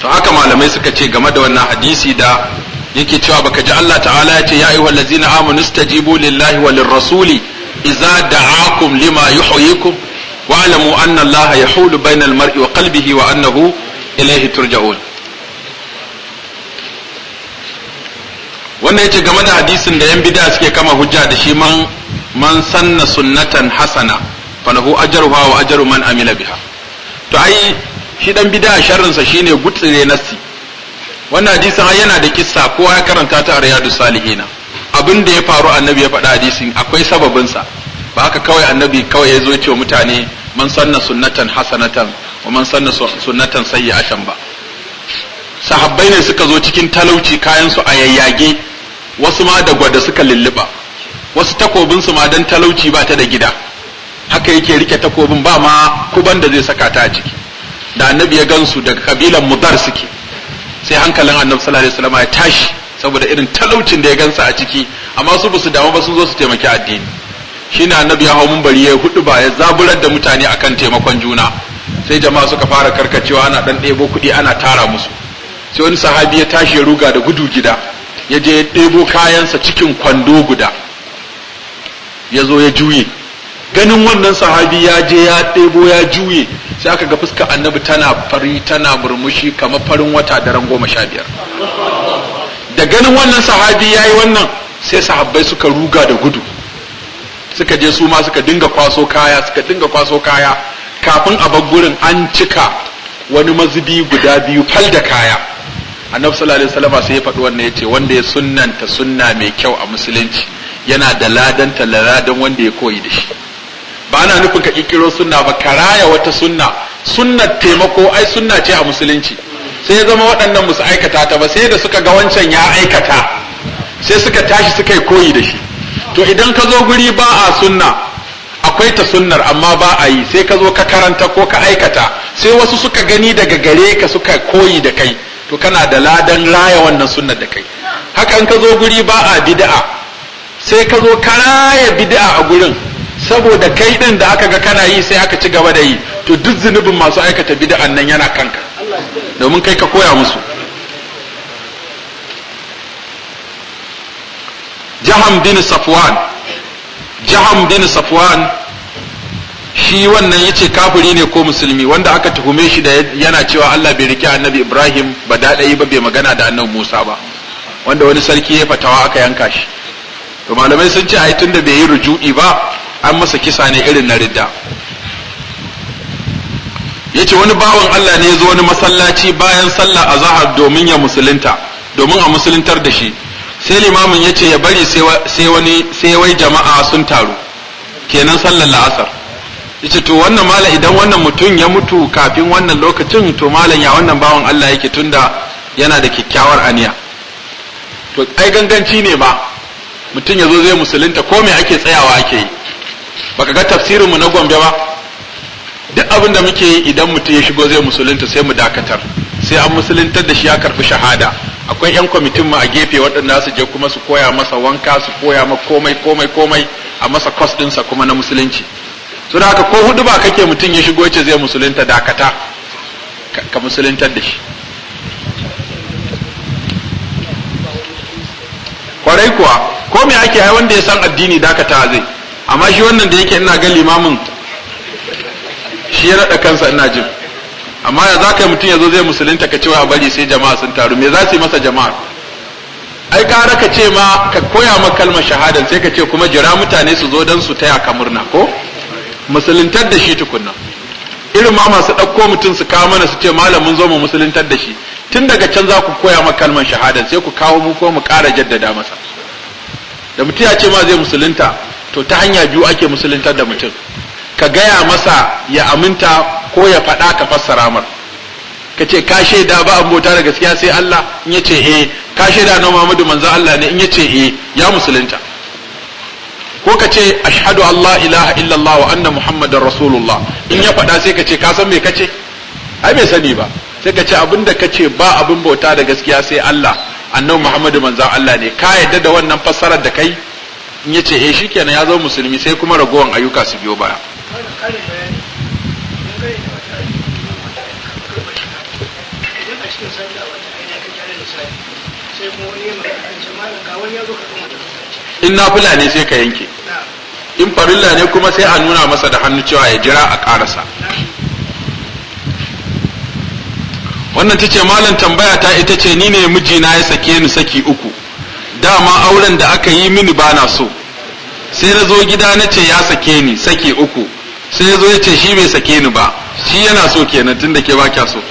to haka malamai suka ce game da wannan hadisi da yake cewa baka ji Allah ta'ala ya ce ya ayyuhal ladzina amanu stajibu lillahi walir rasuli idza da'akum lima yuhyikum anna Allah yahulu bainal mar'i wa qalbihi wa annahu ilayhi turja'un wanda yace game da hadisin da yan bid'a suke kama hujja da shi man man sanna sunnatan hasana falahu ajruha wa ajru man amila biha to ai shi dan bid'a sharrin sa shine gutsire nasi wannan hadisin ai yana da kissa kowa ya karanta ta a riyadus salihina abin da ya faru annabi ya faɗa hadisin akwai sababin sa ba haka kawai annabi kawai ya zo ya ce mutane man sanna sunnatan hasanatan wa man sanna sunnatan sayyi'atan ba sahabbai ne suka zo cikin talauci kayan su a yayyage wasu ma da gwada suka lulluba wasu takobin su ma dan talauci ba ta da gida haka yake rike takobin ba ma kuban da zai saka ta a ciki da annabi ya gansu daga kabilan mudar suke sai hankalin annabi sallallahu alaihi wasallam ya tashi saboda irin talaucin da ya gansa a ciki amma su basu damu ba sun zo su taimaki addini shine annabi ya hau bari ya hudu ba ya zaburar da mutane akan taimakon juna sai jama'a suka fara karkacewa ana dan ɗebo kuɗi ana tara musu sai wani sahabi ya tashi ya ruga da gudu gida ya je ya ɗebo kayansa cikin kwando guda ya zo ya juye ganin wannan sahabi ya je ya ɗebo ya juye sai aka ga fuska annabi tana fari tana murmushi kamar farin wata daren goma sha biyar da ganin wannan sahabi ya yi wannan sai sahabbai suka ruga da gudu suka je su ma suka dinga kwaso kaya suka dinga kwaso kaya kafin a bar gurin an cika wani mazubi guda biyu fal da kaya annabi sallallahu alaihi wasallam sai ya faɗi wannan yace wanda ya sunnanta sunna mai kyau a musulunci yana da ladan wanda ya koyi da shi ba ana nufin ka kikiro sunna ba Karaya wata sunna sunnar taimako ai sunna ce a musulunci sai ya zama waɗannan musu aikata ta ba sai da suka ga wancan ya aikata sai suka tashi suka yi koyi da shi to idan ka zo guri ba a sunna akwai ta sunnar amma ba a yi sai ka zo ka karanta ko ka aikata sai wasu suka gani daga gare ka suka koyi da kai to kana da ladan raya wannan sunnar da kai haka in ka zo guri ba a bid'a sai ka zo ka raya bid'a a gurin saboda kai din da aka ga kana yi sai aka ci gaba da yi to duk zunubin masu aikata bid'an nan yana kanka domin kai ka koya musu jaham bin safwan jaham bin safwan shi wannan ya ce kafiri ne ko musulmi wanda aka tuhume shi da yana cewa Allah bai rike annabi Ibrahim ba daɗayi ba bai magana da annabi Musa ba wanda wani sarki ya fatawa aka yanka shi to malamai sun ce ai tunda bai yi ruju'i ba an masa kisa ne irin na ridda yace wani bawan Allah ne ya zo wani masallaci bayan sallah azhar domin ya musulunta domin a musuluntar da shi sai limamin yace ya bari sai wani sai wai jama'a sun taru kenan sallar la'asar yace to wannan malam idan wannan mutum ya mutu kafin wannan lokacin to malam ya wannan bawan Allah yake tunda yana da kyakkyawar aniya to ai ganganci ne ba mutum ya zo zai musulunta ko me ake tsayawa ake yi baka ga tafsirin mu na Gombe ba duk abin da muke yi idan mutum ya shigo zai musulunta sai mu dakatar sai an musuluntar da shi ya karfi shahada akwai yan kwamitin mu a gefe waɗanda su je kuma su koya masa wanka su koya ma komai komai komai a masa kwas ɗinsa kuma na musulunci to da ko hudu ba kake mutum ya shigo ce zai musulunta dakata ka musulintar da shi kwarai kuwa ko me ake ai wanda ya san addini dakata zai amma shi wannan da yake ina ga limamin shi ya naɗa kansa ina jin amma ya za ka mutum ya zo zai musulunta ka cewa bari sai jama'a sun taru me za su yi masa jama'a ai kara ka ce ma ka koya ma kalmar shahadan sai ka ce kuma jira mutane su zo don su taya ka murna ko musuluntar da shi tukunna irin ma masu ɗauko mutum su kawo mana su ce malamin mun zo mu musuluntar da shi tun daga can za ku koya ma kalmar shahada sai ku kawo mu ko mu ƙara jaddada masa da mutum ya ce ma zai musulunta to ta hanya biyu ake musuluntar da mutum ka gaya masa ya aminta ko ya faɗa ka fassara mar ka ce ka shaida ba an bauta da gaskiya sai Allah in ya ce eh ka shaida na Muhammadu manzo Allah ne in ya ce eh ya musulunta ko ka ce ashadu Allah ilaha illallah wa anna muhammadar rasulullah in ya faɗa sai ka ce ka san me ka ce ai bai sani ba sai ka ce abinda ka ce ba abin bauta da gaskiya sai Allah annabi muhammadu manzan Allah ne ka yadda da wannan fassarar da kai in ya ce eh shikenan ya zo musulmi sai kuma ragowan ayyuka su biyo baya in na fula ne sai ka yanke in farilla ne kuma sai a nuna masa da hannu cewa ya jira a karasa wannan ta ce malam tambaya ta ita ce ni ne mijina ya sake ni saki uku dama auren da aka yi mini ba na so sai na zo gida na ce ya sake ni saki uku sai ya zo ya ce shi bai sake ni ba shi yana so kenan tunda ke ba kya so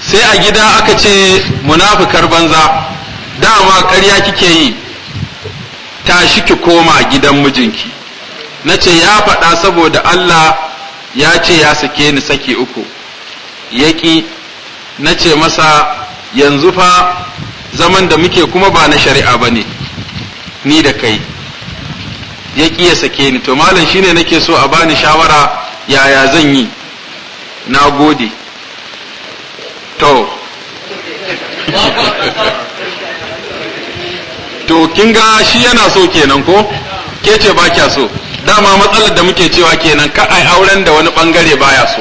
sai a gida aka ce munafukar banza dama ƙarya kike yi tashi ki koma gidan mijinki na ce ya faɗa saboda Allah ya ce ya sake ni saki uku yaƙi na ce masa yanzu fa zaman da muke kuma ba na shari'a ba ne ni da kai yaƙi ya sake ni to malam shine nake so a bani shawara yaya zan yi na gode to to kin ga shi yana so kenan ko ke ce ba kya so dama matsalar da muke cewa kenan ka ai auren da wani bangare baya so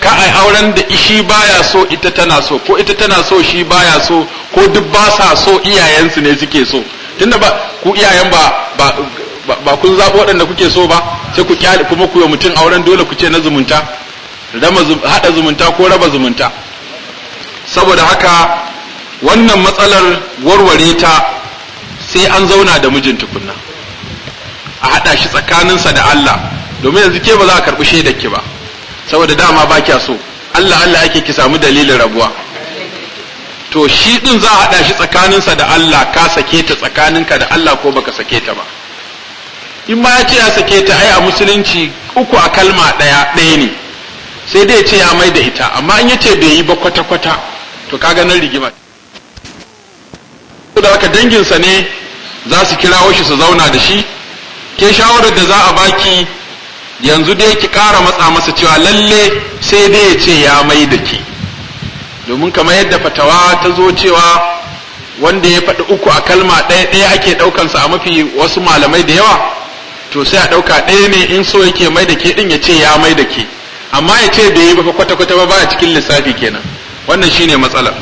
ka ai auren da shi baya so ita tana so ko ita tana so shi baya so ko duk ba sa so iyayensu ne suke so tunda ba ku iyayen ba ba kun zaɓi waɗanda kuke so ba sai ku kyale kuma ku yi mutum auren dole ku ce na zumunta haɗa zumunta ko raba zumunta saboda haka wannan matsalar warware ta sai an zauna da mijin tukunna a haɗa shi tsakaninsa da Allah domin yanzu ke ba za a karɓi shaidar ki ba saboda dama ba kya so Allah Allah yake ki samu dalilin rabuwa to shi din za a haɗa shi tsakaninsa da Allah ka sake ta tsakaninka da Allah ko baka sake ta ba in ma ya ce ya sake ta ai a musulunci uku a kalma ɗaya ɗaya ne sai dai ce ya mai da ita amma in ya ce bai yi ba kwata-kwata to kaga nan rigima da haka danginsa ne za su kirawo shi su zauna da shi ke shawarar da za a baki yanzu dai ki ƙara matsa masa cewa lalle sai dai ya ce ya mai da ke domin kamar yadda fatawa ta zo cewa wanda ya faɗi uku a kalma ɗaya ɗaya ake ɗaukansa a mafi wasu malamai da yawa to sai a ɗauka ɗaya ne in so yake mai da ke ɗin ya ce ya mai da ke amma ya ce bai yi ba kwata-kwata ba baya cikin lissafi kenan wannan shine matsalar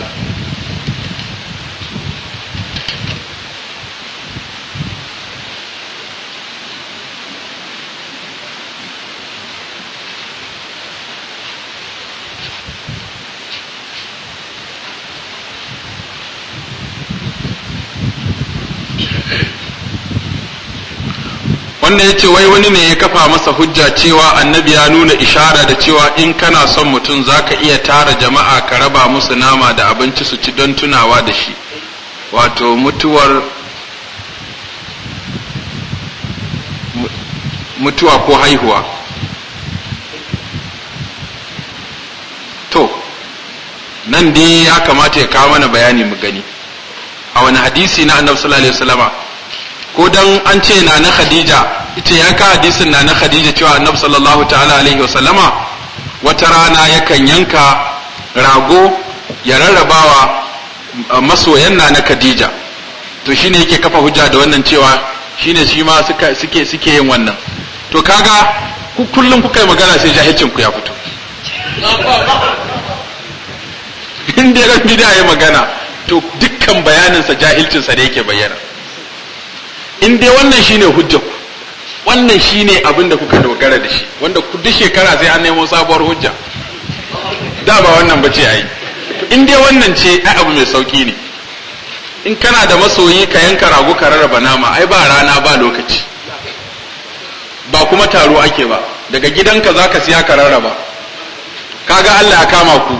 wanda ya ce wai wani ne ya kafa masa hujja cewa annabi ya nuna ishara da cewa in kana son mutum za ka iya tara jama'a ka raba musu nama da abinci su ci don tunawa da shi wato mutuwar mutuwa ko haihuwa to nan dai ya kamata ya kawo mana bayani mu gani a wani hadisi na annabi sallallahu alaihi wasallama ko dan an ce na na khadija ita ya ka hadisin na na khadija cewa annabi sallallahu ta'ala alaihi sallama wata rana yakan yanka rago ya rarrabawa masoyan na na khadija to shine yake kafa hujja da wannan cewa shine shi ma suka suke suke yin wannan to kaga ku kullum kuka yi magana sai jahilcin ku ya fito in dai ran bid'a ya magana to dukkan bayanin sa jahilcin sa da yake bayyana in dai wannan shine hujjar ku wannan shine abin da kuka dogara da shi wanda duk shekara sai an nemo sabuwar hujja da ba wannan ba a yi. in dai wannan ce ai abu mai sauki ne in kana da masoyi ka yanka rago ka rarraba nama ai ba rana ba lokaci ba kuma taro ake ba daga gidanka za ka siya ka rarraba kaga Allah ya kama ku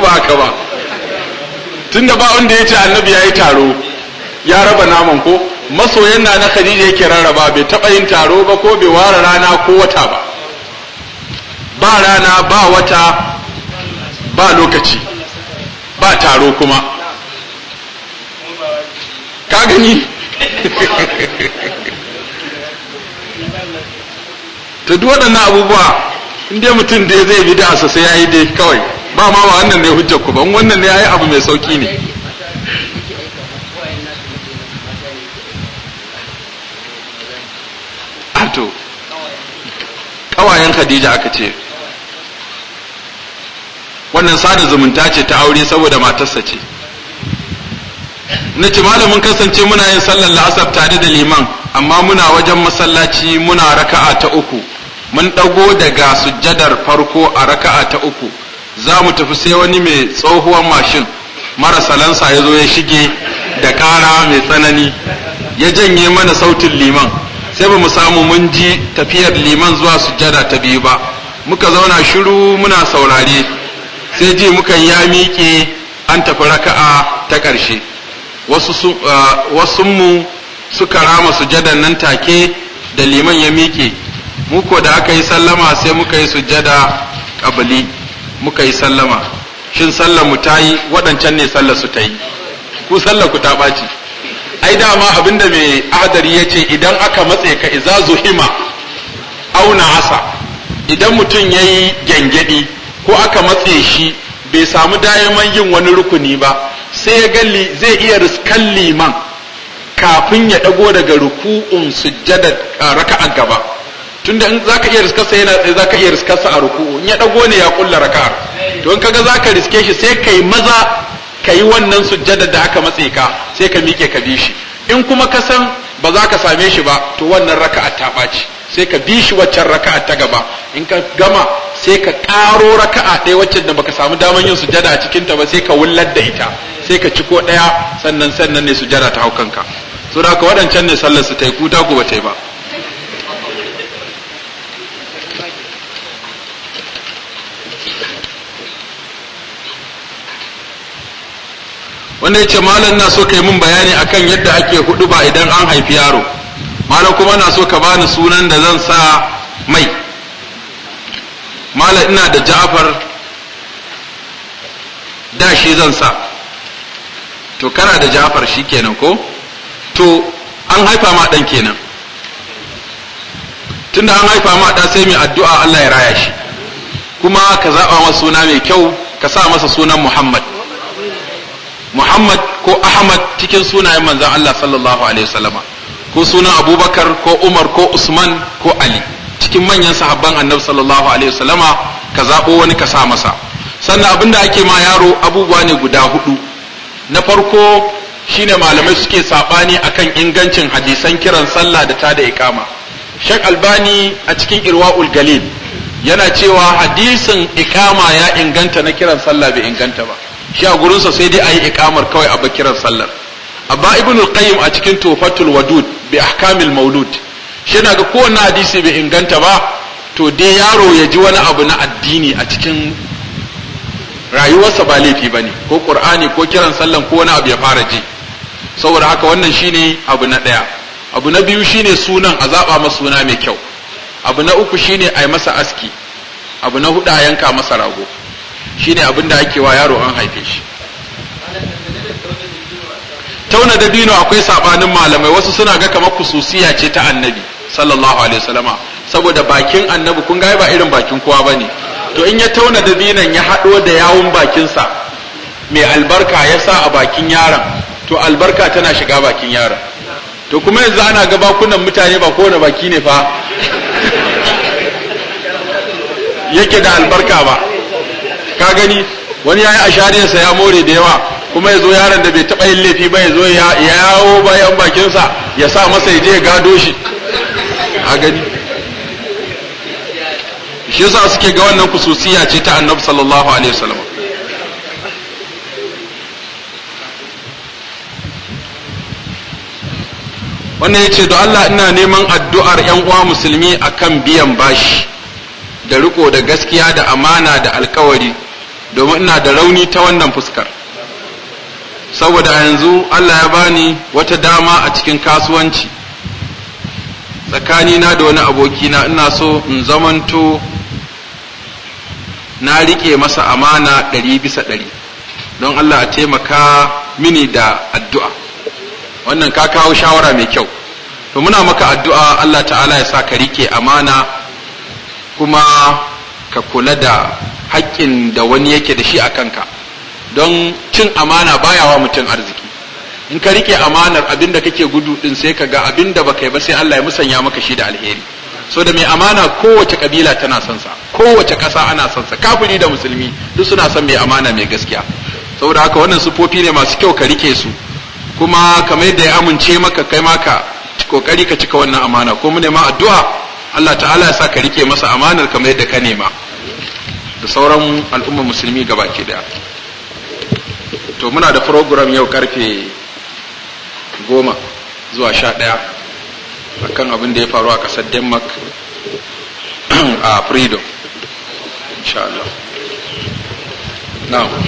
ba haka ba tunda ba wanda ya ce annabi ya yi taro ya raba naman ko masoyan na na khadija yake rarraba bai taɓa yin taro ba ko bai ware rana ko wata ba ba rana ba wata ba lokaci ba taro kuma ka gani ta duwaɗannan waɗannan abubuwa inda mutum da zai bi da sai ya yi dai kawai ba ma ba wannan ne hujjar ku ba wannan ne ai abu mai sauki ne ato ah, kawayen Khadija aka ce wannan sada zumunta ce ta aure saboda matarsa ce na ce malamin kasance muna yin sallar la'asar tare da liman amma muna wajen masallaci muna raka'a ta uku mun ɗago daga sujjadar farko a raka'a ta uku za mu tafi sai wani mai tsohuwan mashin marasa lansa ya zo ya shige da kara mai tsanani ya janye mana sautin liman sai ba mu samu mun ji tafiyar liman zuwa sujada ta biyu ba muka zauna shiru muna saurare sai ji muka ya miƙe an tafi raka'a ta ƙarshe wasu mu suka rama sujjadan nan take da liman ya miƙe muko da aka yi sallama sai muka yi sujada ƙabali muka yi sallama shin sallar mu ta yi waɗancan ne sallar su ta yi ku sallar ku ta ɓaci ai dama abin da mai adari ya ce idan aka matse ka iza zuhima auna asa idan mutum ya yi gyangyaɗi ko aka matse shi bai samu dayaman yin wani rukuni ba sai ya galli zai iya riskan liman kafin ya ɗago daga ruku'un sujjadar raka'a gaba tunda in zaka iya riskarsa yana tsaye zaka iya riskarsa a ruku in ya dago ne ya kulla raka'ar to in kaga zaka riske shi sai kai maza kayi wannan sujjada da aka matse ka sai ka miƙe ka bi shi in kuma ka san ba za ka same shi ba to wannan raka'a ta ɓaci sai ka bi shi waccan raka'a ta gaba in ka gama sai ka ƙaro raka'a ɗaya waccan da baka samu daman yin sujada a cikin ta ba sai ka wullar da ita sai ka ciko ɗaya sannan sannan ne sujada ta hau kanka saboda ka waɗancan ne sallar su ta yi ku ta ba ta yi ba wanda ya ce malam na so ka yi min bayani akan yadda ake hudu ba idan an haifi yaro malam kuma na so ka bani sunan da zan sa mai malam ina da ja'far da shi zan sa to kana da ja'far shi kenan ko to an haifa ma dan kenan tunda an haifa ma da sai mai addu'a Allah ya raya shi kuma ka zaba masa suna mai kyau ka sa masa sunan Muhammad Muhammad ko Ahmad cikin sunayen manzan Allah sallallahu alaihi wasallama ko sunan Abubakar ko Umar ko Usman ko Ali cikin manyan sahabban Annabi sallallahu alaihi wasallama ka zaɓo wani ka sa masa sannan abin da ake ma yaro abubuwa ne guda hudu na farko shi ne malamai suke sabani kan ingancin hadisan kiran sallah da ta da ikama shek Albani a cikin Irwaul Galil yana cewa hadisin ikama ya inganta na kiran sallah bai inganta ba shi a gurinsa sai dai a yi ikamar kawai a bakiran sallar abba ibn qayyim a cikin tufatul wadud bi ahkamil maulud shi na ga kowanne hadisi bai inganta ba to dai yaro ya ji wani abu na addini a cikin rayuwarsa ba laifi ba ne ko qur'ani ko kiran sallar ko wani abu ya fara ji saboda haka wannan shine abu na ɗaya abu na biyu shine sunan a zaɓa masa suna mai kyau abu na uku shine a yi masa aski abu na hudu a yanka masa rago shine abin da ake wa yaro an haife shi tauna dabino akwai saɓanin malamai wasu suna ga kamar kususiya ce ta annabi sallallahu alaihi wasallama saboda bakin annabi kun ga ba irin bakin kowa bane to in ya tauna dinon ya haɗo da yawun bakinsa mai albarka ya sa a bakin yaron to albarka tana shiga bakin yaron to kuma yanzu ana ga bakunan mutane ba kowane baki ne fa yake da albarka ba ka gani wani yayi sa ya more da yawa kuma yazo yaron da bai taba yin laifi ba yazo ya yawo bayan bakin sa ya sa masa ya je gado shi a gani shi yasa suke ga wannan kususiya ce ta Annabi sallallahu alaihi wasallam wannan yace do Allah ina neman addu'ar ƴan uwa musulmi akan biyan bashi da riko da gaskiya da amana da alkawari domin ina da rauni ta wannan fuskar saboda yanzu Allah ya bani wata dama a cikin kasuwanci tsakanina da wani abokina ina so in zamanto na rike masa amana ɗari bisa ɗari don Allah a taimaka mini da addu'a wannan ka kawo shawara mai kyau to muna maka addu'a Allah ta'ala ya sa ka rike amana kuma ka kula da haƙƙin da wani yake da shi a kanka don cin amana baya wa mutum arziki in ka rike amanar abin da kake gudu din sai ka ga abin da baka yi ba sai Allah ya musanya maka shi da alheri so da mai amana kowace kabila tana son sa kowace kasa ana son sa kafiri da musulmi duk suna son mai amana mai gaskiya saboda haka wannan sufofi ne masu kyau ka rike su kuma kamar yadda ya amince maka kai maka kokari ka cika wannan amana ko mu ma addu'a Allah ta'ala ya sa ka rike masa amanar kamar yadda ka nema da sauran al'ummar musulmi ga ɗaya daya to muna da program yau karfe goma zuwa sha daya akan abin da ya faru a kasar denmark a freedom insha Allah now